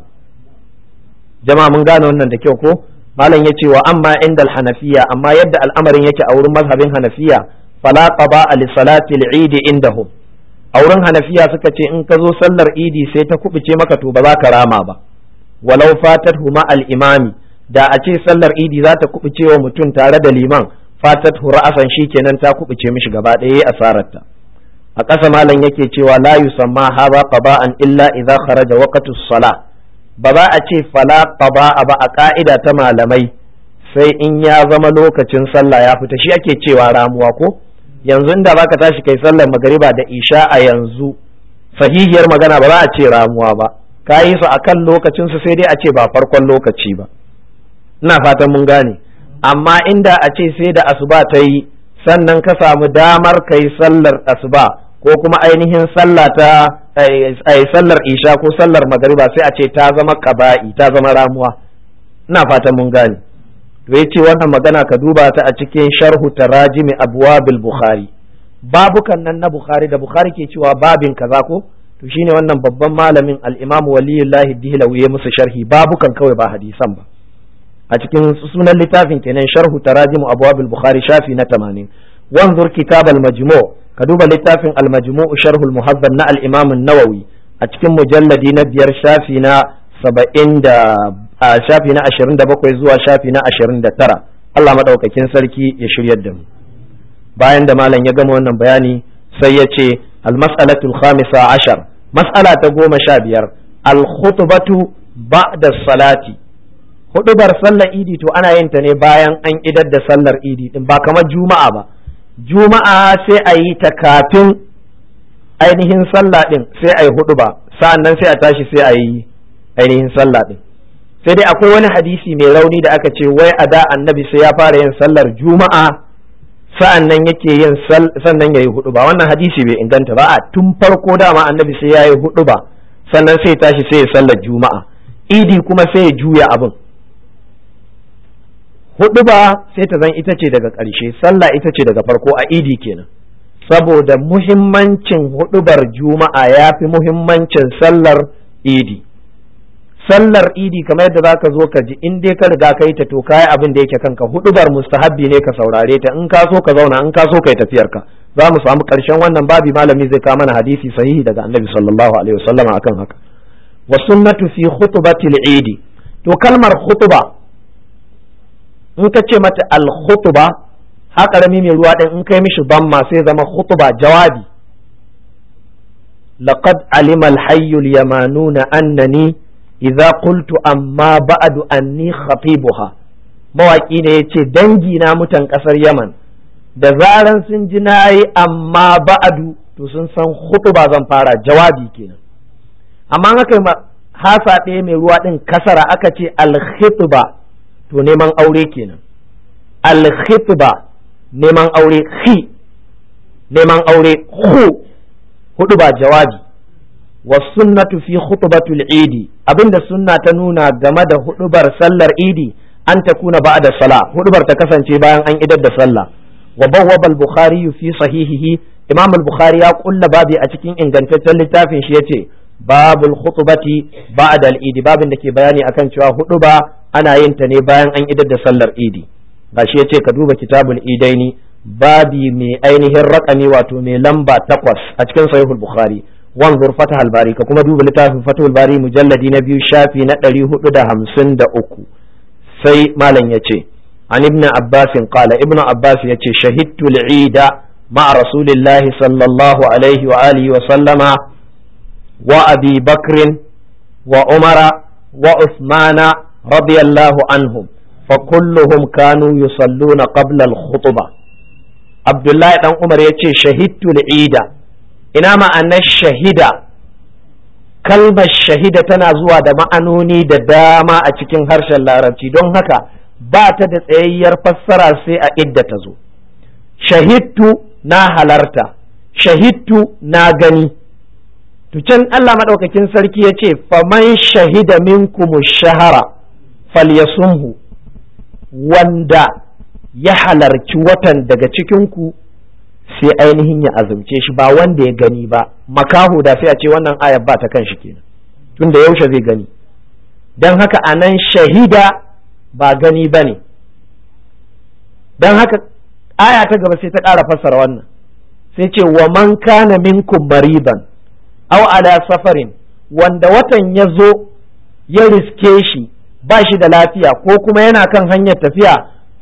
jama'a mun gane wannan da kyau ko malam ya ce wa amma inda hanafiya amma yadda al'amarin yake a wurin mazhabin hanafiya fala qaba li salati al-eid indahum a wurin hanafiya suka ce in ka zo sallar idi sai ta kubuce maka to ba za ka rama ba walau fatat huma al-imami da a ce sallar idi za ta kubuce wa mutum tare da liman fatat hu shi kenan ta kubuce mishi gaba ɗaya asararta a ƙasa malam yake cewa la yusamma hadha qaba'an illa idza kharaja waqtu as ba za a ce fala qaba'a ba a ƙa'ida ta malamai sai in ya zama lokacin sallah ya fita shi ake cewa ramuwa ko yanzu da baka tashi kai sallar magariba da isha a yanzu sahihiyar magana ba za a ce ramuwa ba ka yi su akan lokacin su sai dai a ce ba farkon lokaci ba ina fatan mun gane amma inda a ce sai da asuba ta yi sannan ka samu damar kai sallar asuba ko kuma ainihin sallah ta ay, sallar isha ko sallar magariba sai a ce ta zama kaba'i ta zama ramuwa ina fatan mun gane to yace wannan magana ka duba ta a cikin sharhu tarajim abwabil bukhari babukan nan na bukhari da bukhari ke cewa babin kaza ko to shine wannan babban malamin al-imam waliyullah dihlawi ya musu sharhi babukan kawai ba hadisan ba a cikin sunan littafin kenan sharhu tarajim abwabil bukhari shafi na 80 wanzur kitab al-majmu' ka duba littafin al-majmu' sharh al-muhazzab na al-imam an-nawawi a cikin mujalladi na biyar shafi na saba'in da a shafi na 27 zuwa shafi na 29 Allah maɗaukakin sarki ya shiryar da mu bayan da malam ya gama wannan bayani sai ya ce almasalatul khamisa ashar mas'ala ta goma sha biyar al ba'da salati hudubar sallar idi to ana yin ta ne bayan an idar da sallar idi din ba kamar juma'a ba juma'a sai a yi ta kafin ainihin sallah din sai a yi huduba ba sa'an sai a tashi sai a yi ainihin sallah din sai dai akwai wani hadisi mai rauni da aka ce wai a da annabi sai ya fara yin sallar juma'a sa'an nan yake yin sannan ya yi hudu ba wannan hadisi bai inganta ba a tun farko dama annabi sai ya yi hudu ba sannan sai tashi sai ya sallar juma'a idi kuma sai ya juya abin hudu ba sai ta zan ita ce daga ƙarshe sallah ita ce daga farko a idi kenan saboda muhimmancin hudubar juma'a ya fi muhimmancin sallar idi sallar idi kamar yadda zaka zo ka ji in dai ka riga ka ta to kai abin da yake kanka hudubar mustahabbi ne ka saurare ta in ka so ka zauna in ka so ka yi tafiyar ka za mu samu karshen wannan babi malami zai kawo mana hadisi sahihi daga annabi sallallahu alaihi wasallam akan haka wa sunnatu fi khutbati eid to kalmar khutba in ka ce mata al-khutba haka rami mai ruwa din in kai mishi bamma sai zama khutba jawabi laqad alima al yamanuna annani idza qultu amma ba'du anni khatibuha mawaki ne yace dangi na mutan ƙasar Yaman da zaran sun ji nayi amma ba'adu to sun san ba zan fara jawabi kenan amma haka hasa ɗaya mai ruwa ɗin kasara aka ce alhitba to neman aure kenan alhitba neman aure hi neman aure hu hudu ba jawabi wasunnatu fi khutbatul idi abinda sunna ta nuna game da huɗubar sallar idi an ta kuna da sala hudubar ta kasance bayan an idar da sallah wa bawwaba al fi sahihihi imamul al ya kulla babi a cikin ingantaccen littafin shi yace babul khutbati ba'da al-idi babin da ke bayani akan cewa huduba ana yin ta ne bayan an idar da sallar idi gashi yace ka duba kitabul idaini babi mai ainihin rakami wato mai lamba takwas a cikin sahihul bukhari wan zurfata al-bari ka kuma duba littafin fatah al-bari mujalladi na biyu shafi na 453 sai malam yace an ibn abbas qala ibn abbas yace shahidtu al-ida ma'a rasulillahi sallallahu alaihi wa alihi wa sallama wa abi bakr wa umara wa usmana radiyallahu anhum fa kulluhum kanu yusalluna qabla al abdullahi dan umar yace shahidtu al-ida ina ma'anar shahida kalmar shahida tana zuwa da ma'anoni da dama a cikin harshen larabci don haka ba ta da tsayayyar fassara sai a idda ta zo shahidtu na halarta shahidtu na gani to Allah maɗaukakin sarki ya ce faman shahida minkum shahara falyasumhu wanda ya halarci watan daga cikinku sai ainihin ya azumce shi ba wanda ya gani ba makaho da sai a ce wannan ayar ba ta kan shi kenan tunda yaushe zai gani dan haka anan shahida ba gani ba ne don haka aya ta gaba sai ta ƙara fassara wannan sai ce wa man kana minkum mariban aw ala safarin wanda watan ya zo ya riske shi ba shi da lafiya ko kuma yana kan hanyar tafiya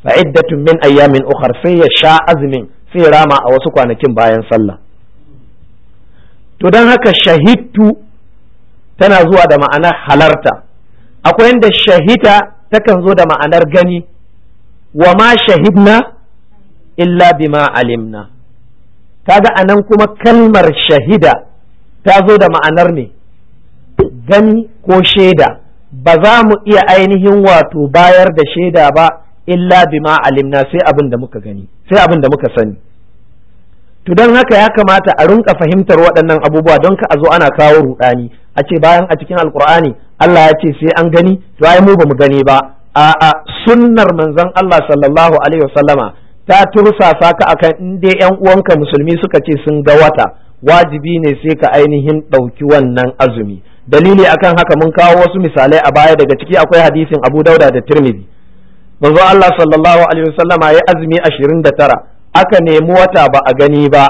fa'iddatun min ayyamin ukhar sai ya sha azumin sai rama a wasu kwanakin bayan sallah to don haka shahidtu tana zuwa da ma'anar halarta akwai inda shahida takan zo da ma'anar gani wa ma shahidna illa bima alimna kaga anan kuma kalmar shahida ta zo da ma'anar ne gani ko shaida ba za mu iya ainihin wato bayar da shaida ba illa bima alimna sai abin da muka gani sai abin da muka sani to don haka ya kamata a rinka fahimtar waɗannan abubuwa don ka a zo ana kawo rudani a ce bayan a cikin alkur'ani Allah ya ce sai an gani to ai mu bamu gani ba a a sunnar manzon Allah sallallahu alaihi wasallama ta tursasa ka akan in dai yan uwanka musulmi suka ce sun ga wata wajibi ne sai ka ainihin ɗauki wannan azumi dalili akan haka mun kawo wasu misalai a baya daga ciki akwai hadisin Abu Dauda da Tirmidhi manzo Allah sallallahu alaihi wasallama ya azumi 29 aka nemi wata ba a gani ba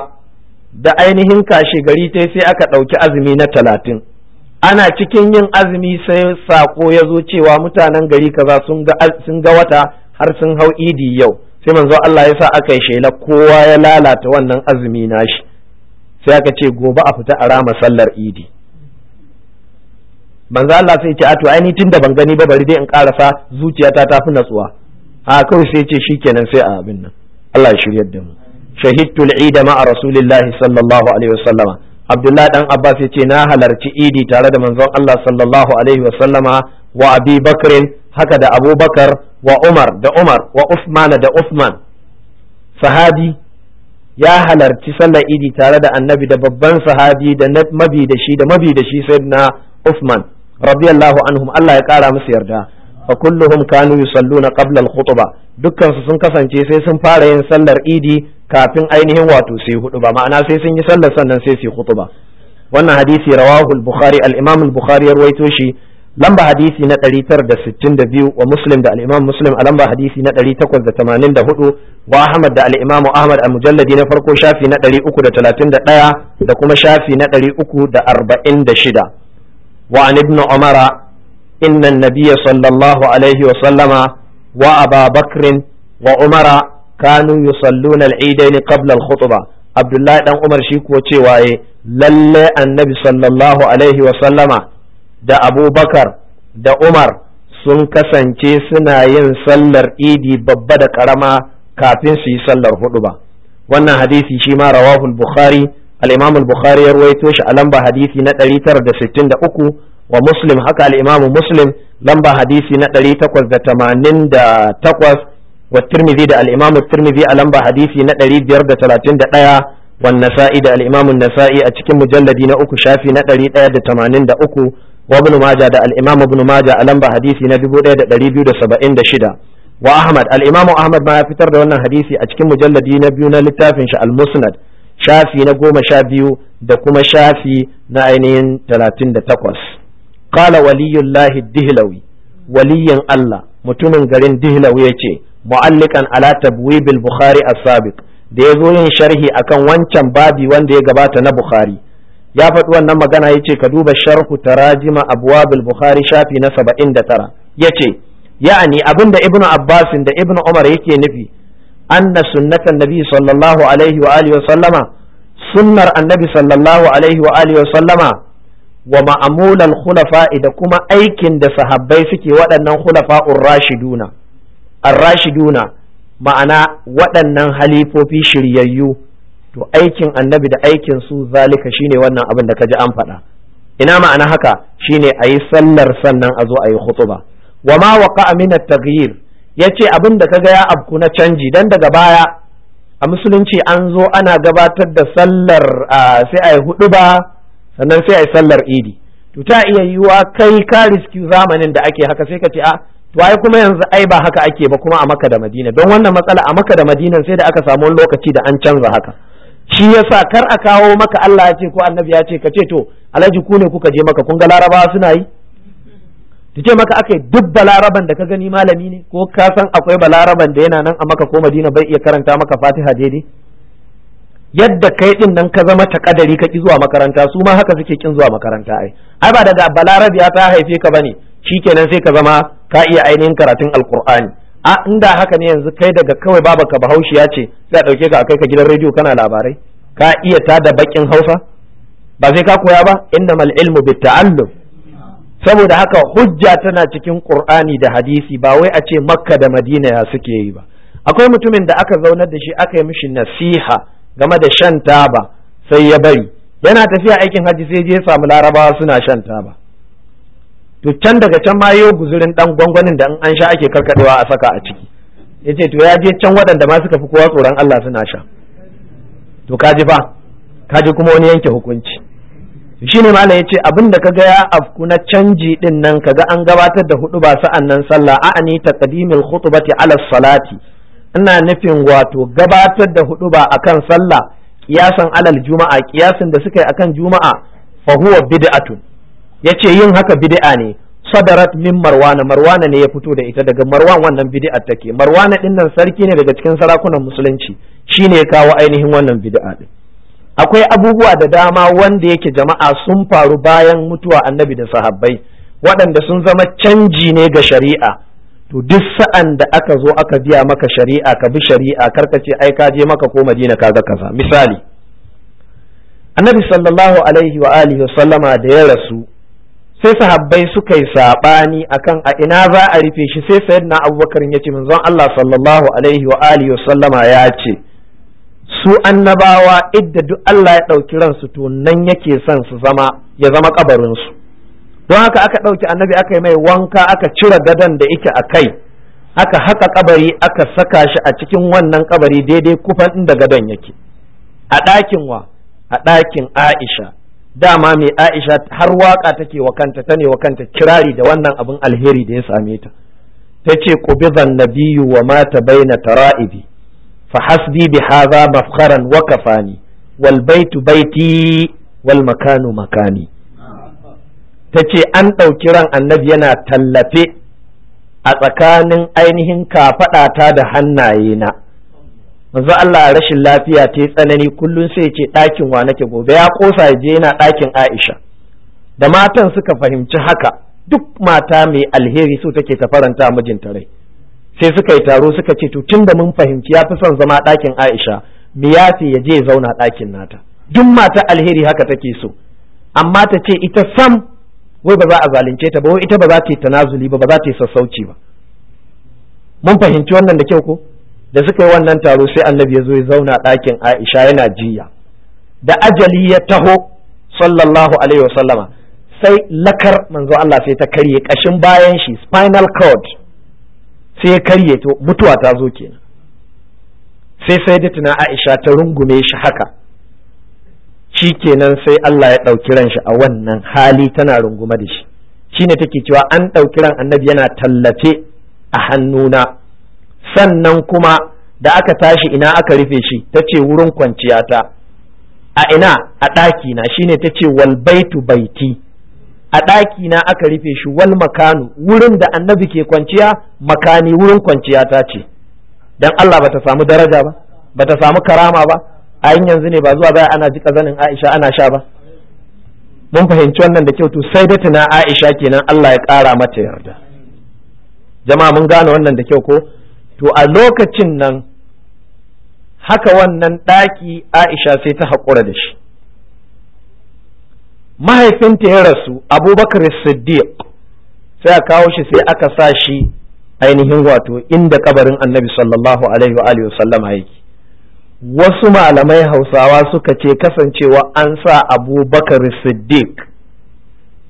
da ainihin kashe gari tai sai aka ɗauki azumi na talatin ana cikin yin azumi sai sako ya zo cewa mutanen gari kaza sun ga wata har sun hau idi yau sai manzo Allah ya sa aka yi shela kowa ya lalata wannan azumi nashi sai aka ce gobe a fita a rama sallar idi manzo Allah sai ce a to ai tunda ban gani ba bari dai in karasa zuciyata ta fi natsuwa a kawai sai ce shikenan sai a abin nan Allah ya shirya da mu shahidtu eid ma'a rasulillahi sallallahu alaihi wasallama Abdullah dan Abbas ya ce na halarci idi tare da manzon Allah sallallahu alaihi wa Abi Bakr haka da Abubakar wa Umar da Umar wa Uthman da Uthman sahabi ya halarci sallar idi tare da annabi da babban sahabi da mabi da shi da mabi da shi sayyidina Uthman radiyallahu anhum Allah ya kara musu yarda fa kulluhum kanu yusalluna qabla al-khutba dukkan sun kasance sai sun fara yin sallar idi kafin ainihin wato sai hudu ba ma'ana sai sun yi sallar sannan sai su khutba wannan hadisi rawahu al-bukhari al-imam al-bukhari ya rawaito shi lamba hadisi na 962 wa muslim da al-imam muslim a lamba hadisi na 884 wa ahmad da al-imam ahmad a mujalladi na farko shafi na 331 da kuma shafi na uku da arba'in da shida. ibn umara إن النبي صلى الله عليه وسلم وأبا بكر وعمر كانوا يصلون العيدين قبل الخطبة عبد الله بن عمر شيكو تشيواي للي النبي صلى الله عليه وسلم دا أبو بكر دا عمر sun kasance suna yin sallar idi babba da karama kafin su yi sallar hudu ba wannan hadisi shi ma rawahul al-bukhari al-imam al-bukhari ya ruwaito shi a lamba hadisi na 963 wa muslim haka al-imamu muslim lamba hadisi na 888 wa tirmidhi da al-imamu a lamba hadisi na 531 wa nasa'i da al nasa'i a cikin mujalladi na uku shafi na 183 wa ibn majah da al-imamu ibn majah a lamba hadisi na shida wa ahmad al ahmad ma ya fitar da wannan hadisi a cikin mujalladi na biyu na littafin shi al-musnad shafi na goma sha biyu da kuma shafi na ainihin talatin da takwas qala waliyullahi dihlawi waliyin Allah mutumin garin dihlawi ce, mu'allikan ala tabwibil bukhari as-sabiq da zo yin sharhi akan wancan babi wanda ya gabata na bukhari ya faɗi wannan magana ya ce ka duba sharhu tarajima abwabil bukhari shafi na 79 yace ya'ani abinda ibnu abbas da ibnu umar yake nufi anna sunnatan nabi sallallahu alaihi wa alihi wa sallama sunnar annabi sallallahu alaihi wa alihi wa sallama wa ma'amulal hulafa, da kuma aikin da sahabbai suke waɗannan khulafa'ur rashiduna ar-rashiduna ma'ana waɗannan halifofi shiryayyu to aikin annabi da aikin su zalika shine wannan abin da kaji an faɗa ina ma'ana haka shine ayi sallar sannan a zo ayi khutuba wa ma waqa min at-taghyir yace abin da kaga ya abku na canji dan daga baya a musulunci an zo ana gabatar da sallar sai ayi huduba ba sannan sai a yi sallar idi to ta iya yiwuwa kai ka riski zamanin da ake haka sai ka ce a ah, to ai kuma yanzu ai ba haka ake ba kuma a maka da madina don wannan matsala a maka da madina sai da aka samu lokaci da an canza haka shi yasa kar a kawo maka Allah ya ce ko annabi ya ce ka ce to alhaji ku ne kuka je maka kun ga larabawa suna yi ta ce maka aka yi duk balaraban da ka gani malami ne ko ka san akwai balaraban da yana nan a maka ko madina bai iya karanta maka fatiha daidai yadda kai din nan ka zama takadari ka ki zuwa makaranta su ma haka suke kin zuwa makaranta ai ai ba daga balarabi ya ta haife ka bane shikenan sai ka zama ka iya ainihin karatun alqur'ani a inda haka ne yanzu kai daga kawai baba ka bahaushe ya ce sai a dauke ka a kai ka gidan rediyo kana labarai ka iya ta da bakin hausa ba sai ka koya ba innamal ilmu bitta'allum saboda haka hujja tana cikin qur'ani da hadisi ba wai a ce makka da madina ya suke yi ba akwai mutumin da aka zaunar da shi aka yi mishi nasiha game da shan taba sai ya bari yana tafiya aikin hajji sai je samu larabawa suna shan taba to can daga can ma yau guzurin dan gwangwanin da in an sha ake karkadewa a saka a ciki ya ce to ya je can waɗanda ma suka fi kowa tsoron Allah suna sha to kaji fa kaji kuma wani yanke hukunci shi ne malam ya ce abin da kaga ya afku na canji din nan kaga an gabatar da hudu ba sa'an nan sallah a'ani taqdimil khutbati ala salati ina nufin wato gabatar da hudu a kan sallah kiyasan alal juma'a kiyasan da suka yi akan juma'a fa huwa bid'atun yace yin haka bid'a ne sadarat min marwana marwana ne ya fito da ita daga marwan wannan bid'a take marwana din nan sarki ne daga cikin sarakunan musulunci shine ya kawo ainihin wannan bid'a din akwai abubuwa da dama wanda yake jama'a sun faru bayan mutuwa annabi da sahabbai waɗanda sun zama canji ne ga shari'a to duk sa'an da aka zo aka biya maka shari'a ka bi shari'a karka ce ai ka je maka ko madina ka ga kaza misali annabi sallallahu alaihi wa alihi sallama da ya rasu sai sahabbai suka yi sabani akan a ina za a rufe shi sai sayyidina abubakar ya ce manzon Allah sallallahu alaihi wa alihi sallama ya ce su annabawa idda duk Allah ya ɗauki ransu to nan yake son su zama ya zama ƙabarinsu. don haka aka ɗauki annabi aka yi mai wanka aka cire gadon da yake a kai aka haka kabari aka saka shi a cikin wannan kabari daidai kufan inda gadon yake a ɗakin wa a ɗakin aisha dama mai aisha har waka take wa kanta ta ne wa kanta kirari da wannan abin alheri da ya same ta ta ce kubizan nabiyu wa mata baina tara'ibi fa hasbi bi hadha mafkharan wa kafani wal baitu baiti wal makanu makani ta ce an ɗauki ran annabi yana tallafe a tsakanin ainihin kafaɗata da hannaye na manzo Allah rashin lafiya ta tsanani kullum sai ce ɗakin wa nake gobe ya ƙosa ya je yana ɗakin Aisha da matan suka fahimci haka duk mata mai alheri su take ta faranta mijinta rai sai suka yi taro suka ce to tun da mun fahimci ya fi son zama ɗakin Aisha me ya fi ya je zauna ɗakin nata duk mata alheri haka take so amma ta ce ita sam wai ba za a zalunce ta ba wai ita ba za ta yi tanazuli ba ba za ta yi sassauci ba mun fahimci wannan da kyau ko da suka yi wannan taro sai annabi ya zo ya zauna ɗakin Aisha yana jiya da ajali ya taho sallallahu alaihi wasallama sai lakar manzo Allah sai ta karye kashin bayan shi spinal cord sai ya karye to mutuwa ta zo kenan sai sai da tuna Aisha ta rungume shi haka shi kenan sai Allah ya ɗauki ran shi a wannan hali tana runguma da shi Shi ne take cewa an ɗauki ran annabi yana tallafe a hannuna sannan kuma da aka tashi ina aka rufe shi ta ce wurin kwanciyata a ina a ɗakina ne ta ce wal baitu baiti a ɗakina aka rufe shi wal makanu wurin da annabi ke kwanciya makani wurin kwanciyata ce dan Allah bata samu daraja ba bata samu karama ba ayin yanzu ne ba zuwa baya ana ji kazanin Aisha ana sha ba mun fahimci wannan da kyau sai da tuna Aisha kenan Allah ya kara mata yarda jama'a mun gane wannan da kyau ko to a lokacin nan haka wannan ɗaki Aisha sai ta hakura da shi mahaifinta ya rasu abubakar siddiq sai a kawo shi sai aka sa shi ainihin wato inda kabarin annabi sallallahu alaihi wa alihi yake wasu malamai hausawa suka ce kasancewa an sa abubakar siddiq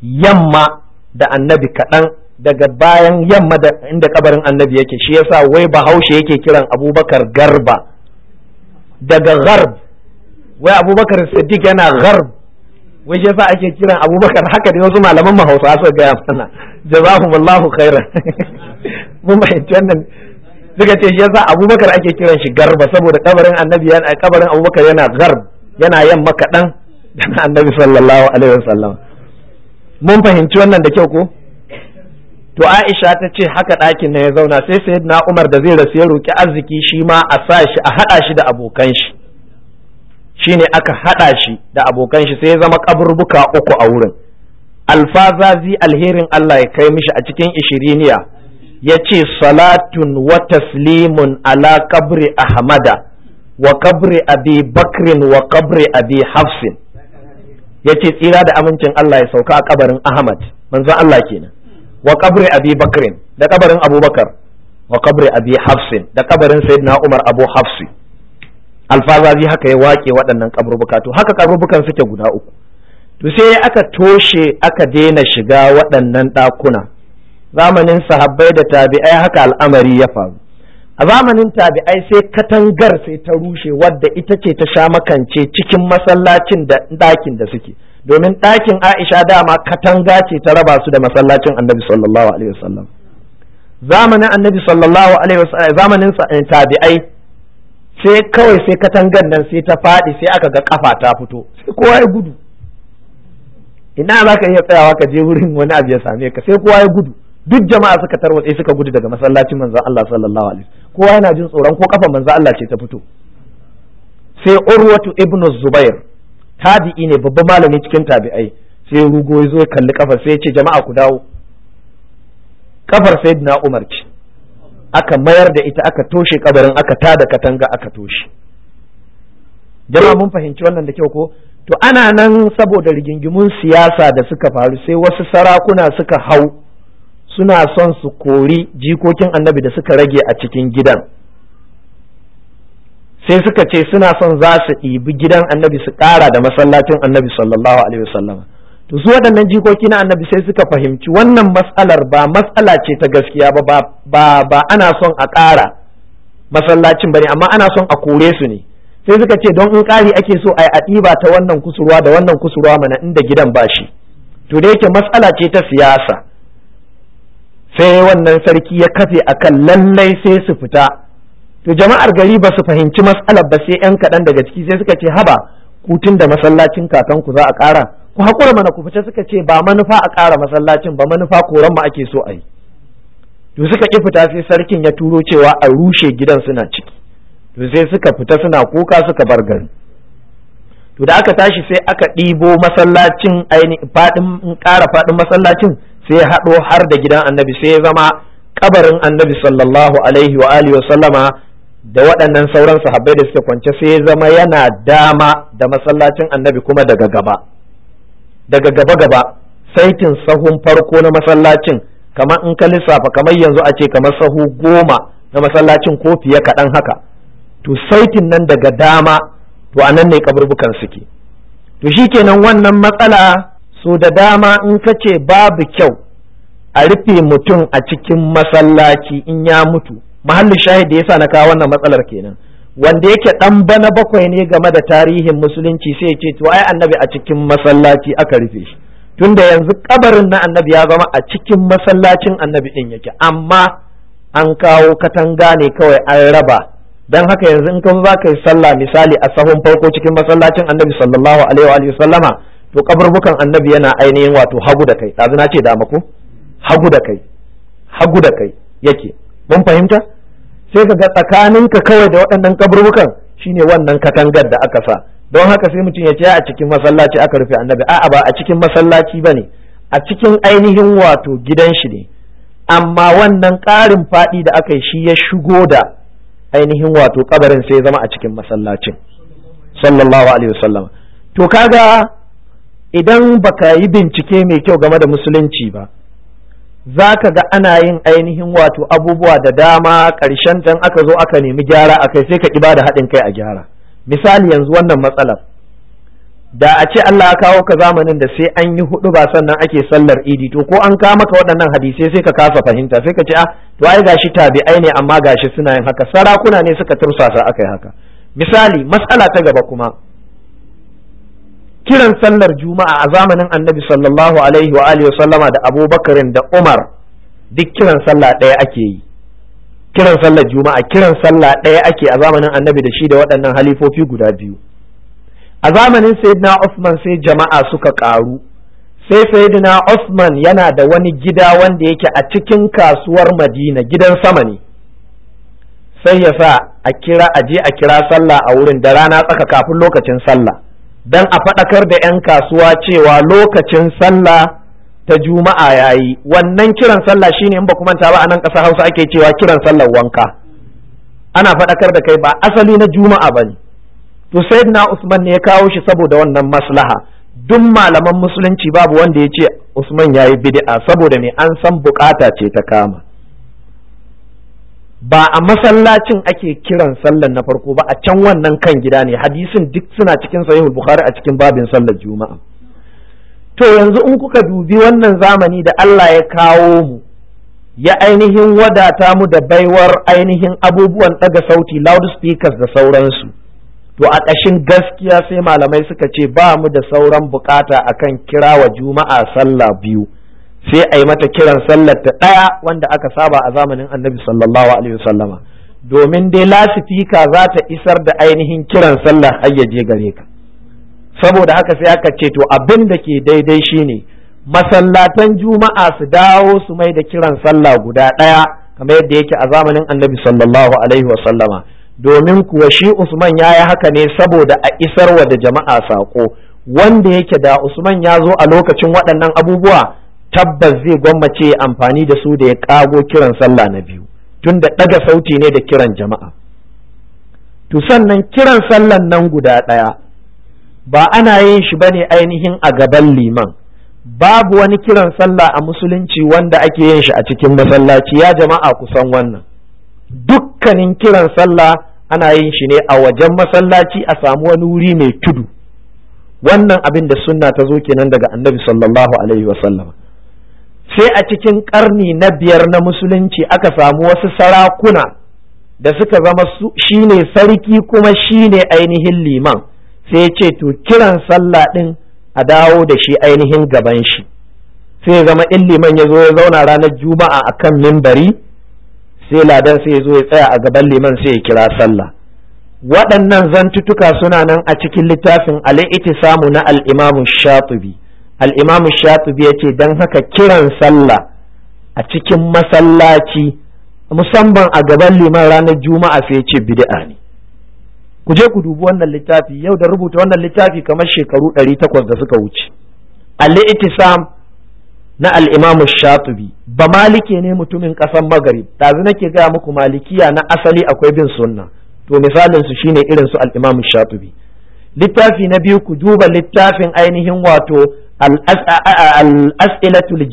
yamma da annabi kaɗan daga bayan yamma da inda kabarin annabi yake shi yasa wai bahaushe yake kiran abubakar garba daga gharb wai abubakar siddiq yana gharb wai shi yasa ake kiran abubakar haka da wasu malaman mahausa suka gaya mana (laughs) jazakumullahu khairan (laughs) mun fahimci wannan suka ce shi yasa abubakar ake kiran shi garba saboda kabarin annabi yana kabarin abubakar yana garb yana yamma kaɗan dan annabi sallallahu alaihi wasallam mun fahimci wannan da kyau ko to Aisha ta ce haka ɗakin na ya zauna sai na Umar da zai rasu ya roki arziki shi ma a sa shi a haɗa shi da abokan shi shine aka haɗa shi da abokan shi sai ya zama kaburbuka uku a wurin alfazazi alherin Allah ya kai mishi a cikin ishiriniya ya ce salatun wa taslimun ala kabri ahmada wa kabri abi bakrin wa kabri abi hafsin ya ce tsira da amincin Allah ya sauka a kabarin ahmad manzan Allah kenan wa kabri abi bakrin da kabarin abubakar wa kabri abi hafsin da kabarin sayyidina umar abu hafsi alfazazi haka ya wake waɗannan kaburbuka to haka kaburbukan suke guda uku to sai aka toshe aka daina shiga waɗannan ɗakuna zamanin sahabbai da tabi'ai haka al'amari ya faru a zamanin tabi'ai sai katangar sai ta rushe wadda ita ce ta sha makance cikin masallacin da ɗakin da suke domin ɗakin Aisha dama katanga ce ta raba su da masallacin Annabi sallallahu alaihi wasallam zamanin Annabi sallallahu alaihi wasallam zamanin eh, tabi'ai sai kawai sai katangar nan sai ta faɗi sai aka ga kafa ta fito sai kowa ya gudu ina za ka iya tsayawa ka je wurin wani abu ya same ka sai kowa ya gudu duk jama'a suka tarwatse suka gudu daga masallacin manzon Allah sallallahu alaihi kowa yana jin tsoron ko kafa manzon Allah ce ta fito sai urwatu ibnu zubair tabi'i ne babban malami cikin tabi'ai sai rugo ya kalli kafar sai ya ce jama'a ku dawo kafar sayyidina umar ce aka mayar da ita aka toshe kabarin aka ta da katanga aka toshe jama'a mun fahimci wannan da kyau ko to ana nan saboda rigingimun siyasa da suka faru sai wasu sarakuna suka hau suna son su kori jikokin annabi da suka rage a cikin gidan sai suka ce suna son za su ɗibi gidan annabi su ƙara da masallacin annabi sallallahu alaihi wasallam to su waɗannan jikoki na annabi sai suka fahimci wannan matsalar ba matsala ce ta gaskiya ba ba ba ana son a ƙara masallacin bane amma ana son a kore su ne sai suka ce don in ƙari ake so a yi ɗiba ta wannan kusurwa da wannan kusurwa mana inda gidan ba shi to da yake matsala ce ta siyasa sai wannan sarki ya kafe a kan lallai sai su fita to jama'ar gari ba su fahimci matsalar ba sai yan kaɗan daga ciki sai suka ce haba kutun da masallacin kakanku za a ƙara ku haƙura mana ku fita suka ce ba manufa a ƙara masallacin ba manufa koran mu ake so a yi to suka ƙi fita sai sarkin ya turo cewa a rushe gidan suna ciki to sai suka fita suna kuka suka bar gari to da aka tashi sai aka ɗibo masallacin ainihin faɗin ƙara faɗin masallacin sai ya haɗo har da gidan annabi sai ya zama kabarin annabi sallallahu alaihi wa alihi sallama da waɗannan sauran sahabbai da suke kwance sai ya zama yana dama da masallacin annabi kuma daga gaba daga gaba gaba saitin sahun farko na masallacin kamar in ka lissafa kamar yanzu a ce kamar sahu goma na masallacin ko fiye kaɗan haka to saitin nan daga dama to a nan ne kaburbukan suke to shi shikenan wannan matsala so da dama in ka ce babu kyau a rufe mutum a cikin masallaci in ya mutu mahallin shahid yasa na kawo wannan matsalar kenan wanda yake dan bana bakwai ne game da tarihin musulunci sai ya ce to ai annabi a cikin masallaci aka rufe shi tunda yanzu kabarin na annabi ya zama a cikin masallacin annabi din yake amma an kawo katanga ne kawai an raba dan haka yanzu in ka za ka yi sallah misali a sahun farko cikin masallacin annabi sallallahu alaihi wa sallama to kaburbukan annabi yana ainihin wato hagu da kai ɗazu na ce dama ko hagu da kai hagu da kai yake mun fahimta sai ka ga tsakaninka kawai da waɗannan kaburbukan shine wannan katangar da aka sa don haka sai mutum ya ce a cikin masallaci aka rufe annabi a'a ba a cikin masallaci bane a cikin ainihin wato gidan shi ne amma wannan ƙarin faɗi da aka yi shi ya shigo da ainihin wato kabarin sai ya zama a cikin masallacin sallallahu alaihi wasallam to kaga idan baka yi bincike mai kyau game da musulunci ba za ka ga ana yin ainihin wato abubuwa da dama ƙarshen can aka zo aka nemi gyara a kai sai ka ƙiba da haɗin kai a gyara misali yanzu wannan matsalar da a ce Allah ya kawo ka zamanin da sai an yi hudu ba sannan ake sallar idi to ko an kawo maka waɗannan hadisai sai ka kasa fahimta sai ka ce a ah, to ai gashi tabi'ai ne amma gashi suna yin haka sarakuna ne suka tursasa akai haka misali matsala ta gaba kuma kiran sallar juma'a a zamanin annabi sallallahu alaihi wa alihi sallama da abubakarin da umar duk kiran sallah ɗaya ake yi kiran sallar juma'a kiran sallah ɗaya ake a zamanin annabi da shi da waɗannan halifofi guda biyu a zamanin sayyidina Usman sai jama'a suka ƙaru sai sayyidina Usman yana da wani gida wanda yake a cikin kasuwar Madina gidan sama ne sai ya sa a kira a je a kira sallah a wurin da rana tsaka kafin lokacin sallah don a faɗakar da 'yan kasuwa cewa lokacin sallah ta juma'a yayi wannan kiran sallah shine in ba ku manta ba a nan ƙasar hausa ake cewa kiran sallar wanka ana faɗakar da kai ba asali na juma'a ba ne to na usman ne ya kawo shi saboda wannan maslaha duk malaman musulunci babu wanda ya ce usman ya yi bid'a saboda me an san bukata ce ta kama ba a masallacin ake kiran sallar na farko ba a can wannan kan gida ne hadisin duk suna cikin sahihul bukhari a cikin babin sallar juma'a to yanzu in kuka dubi wannan zamani da Allah ya kawo mu ya ainihin wadata mu da baiwar ainihin abubuwan daga sauti speakers, da sauransu to a ƙashin gaskiya sai malamai suka ce ba mu da sauran bukata akan kira wa juma'a sallah biyu sai a yi mata kiran sallar ta ɗaya wanda aka saba a zamanin annabi sallallahu alaihi wasallama domin dai lasifika za ta isar da ainihin kiran sallar har ya gare ka saboda haka sai aka ce to abin da ke daidai shine masallatan juma'a su dawo su mai da kiran sallah guda ɗaya kamar yadda yake a zamanin annabi sallallahu alaihi wasallama domin kuwa shi Usman ya yi haka ne saboda a isarwa da jama'a saƙo wanda yake da Usman ya zo a lokacin waɗannan abubuwa tabbas zai gwammace amfani da su da ya kago kiran sallah na biyu tun da ɗaga sauti ne da kiran jama'a to sannan kiran sallan nan guda ɗaya ba ana yin shi ba ne ainihin a gaban liman babu wani kiran sallah a musulunci wanda ake yin shi a cikin masallaci ya jama'a kusan wannan dukkanin kiran sallah ana yin shi ne a wajen masallaci a samu wani wuri mai tudu wannan abin da sunna ta zo kenan daga annabi sallallahu alaihi wasallama sai a cikin ƙarni na biyar na musulunci aka samu wasu sarakuna da suka zama shine sarki kuma shine ainihin liman sai ce to kiran sallah ɗin a dawo da shi ainihin gaban shi sai zama in liman ya zo ya zauna ranar juma'a a kan mimbari sai ladan sai ya zo ya tsaya a gaban liman sai ya kira sallah waɗannan zantutuka suna nan a cikin littafin al'itisamu na al'imamu shatubi al-imamu shatibi yace dan haka kiran sallah a cikin masallaci musamman a gaban liman ranar juma'a sai ce bid'a ne ku je ku dubi wannan littafi yau da rubuta wannan littafi kamar shekaru 800 da suka wuce al-itisam na al-imam shatibi ba malike ne mutumin kasan magarib Tazi nake gaya muku malikiya na asali akwai bin sunna to misalin su shine irin su al-imam littafi na biyu ku duba littafin ainihin wato A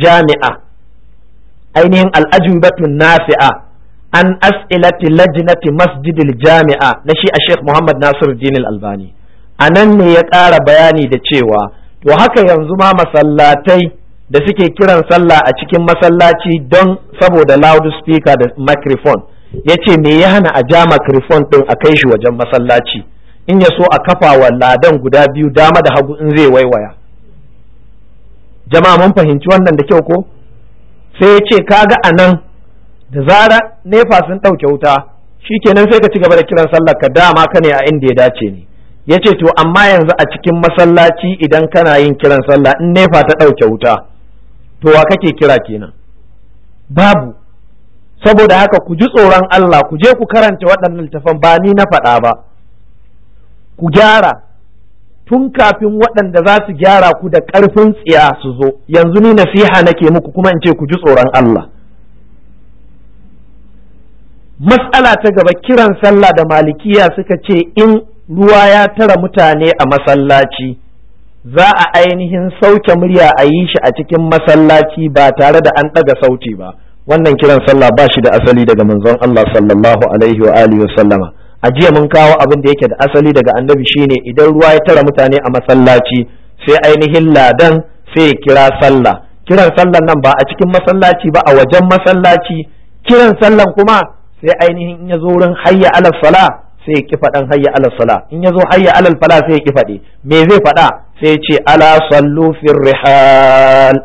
jami'a ainihin al'ajubatun nafi'a an as'ilati lajnati masjidil jami'a na shi a Sheikh Muhammad Nasiru Dinil Albani a nan ne ya ƙara bayani da cewa to haka yanzu ma masallatai da suke kiran sallah a cikin masallaci don saboda laud loudspeaker da microphone ya ce me ya hana a ja microphone ɗin a kai shi wajen masallaci in ya so a kafawa ladan guda biyu dama da hagu in zai waiwaya jama'a mun fahimci wannan da kyau ko sai ya ce kaga a nan da zara nefa sun ɗauke wuta shi kenan sai ka ci gaba da kiran sallar ka dama ka ne a inda ya dace ne ya ce to amma yanzu a cikin masallaci idan kana yin kiran sallah in nefa ta ɗauke wuta to wa kake kira kenan babu saboda haka ku ji tsoron Allah ku je ku karanta waɗannan littafan ba ni na faɗa ba ku gyara tun kafin waɗanda za su gyara ku da ƙarfin tsiya su zo yanzu ni nasiha nake muku kuma in ce ku ji tsoron Allah matsala ta gaba kiran sallah da malikiya suka ce in ruwa ya tara mutane a masallaci za a ainihin sauke murya a yi shi a cikin masallaci ba tare da an ɗaga sauti ba wannan kiran sallah ba shi da asali daga manzon Allah sallallahu alaihi wa alihi wa sallama a jiya mun kawo abin da yake da asali daga annabi shine idan ruwa ya tara mutane a masallaci sai ainihin ladan sai ya kira sallah kiran sallan nan ba a cikin masallaci ba a wajen masallaci kiran sallan kuma sai ainihin in ya zo wurin hayya alal sala sai ya ki faɗan hayya alal sala in ya zo hayya alal fala sai ya ki faɗi me zai faɗa sai ya ce ala sallu fir rihal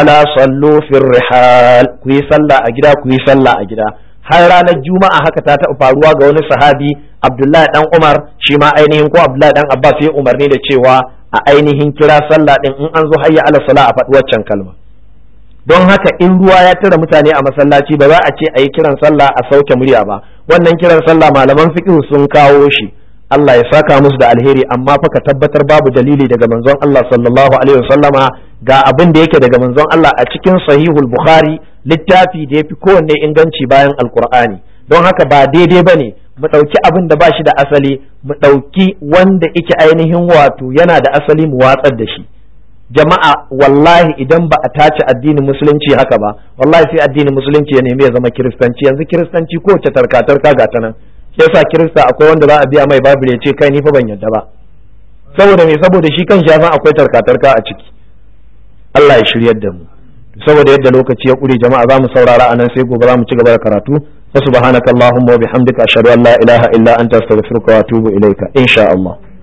ala sallu fir rihal ku yi sallah a gida ku yi sallah a gida har ranar juma'a haka ta taɓa faruwa ga wani sahabi abdullahi dan umar shi ma ainihin ko abdullahi dan abbas ya umarni da cewa a ainihin kira sallah din in an zo hayya ala sala a faɗi waccan kalma don haka in ruwa ya tara mutane a masallaci ba za a ce a yi kiran sallah a sauke murya ba wannan kiran sallah malaman fiqh sun kawo shi Allah ya saka musu da alheri amma fa ka tabbatar babu dalili daga manzon Allah sallallahu alaihi wasallama ga abin da yake daga manzon Allah a cikin sahihul bukhari littafi da ya fi kowanne inganci bayan alkur'ani don haka ba daidai ba ne mu ɗauki abin da ba shi da asali mu ɗauki wanda ike ainihin wato yana da asali mu watsar da shi jama'a wallahi idan ba a tace addinin musulunci haka ba wallahi sai addinin musulunci ya nemi ya zama kiristanci yanzu kiristanci ko ta tarka tarka ga ta nan yasa kirista akwai wanda za a biya mai babu ya ce kai ni fa ban yadda ba saboda me saboda shi kan shi akwai tarka tarka a ciki Allah ya shiryar da mu saboda yadda lokaci ya kure jama'a za mu saurara nan sai gobe za mu ci gaba da karatu wa subhanakallahumma wa bihamdika ashhadu an la ilaha illa anta astaghfiruka wa atubu ilaika insha Allah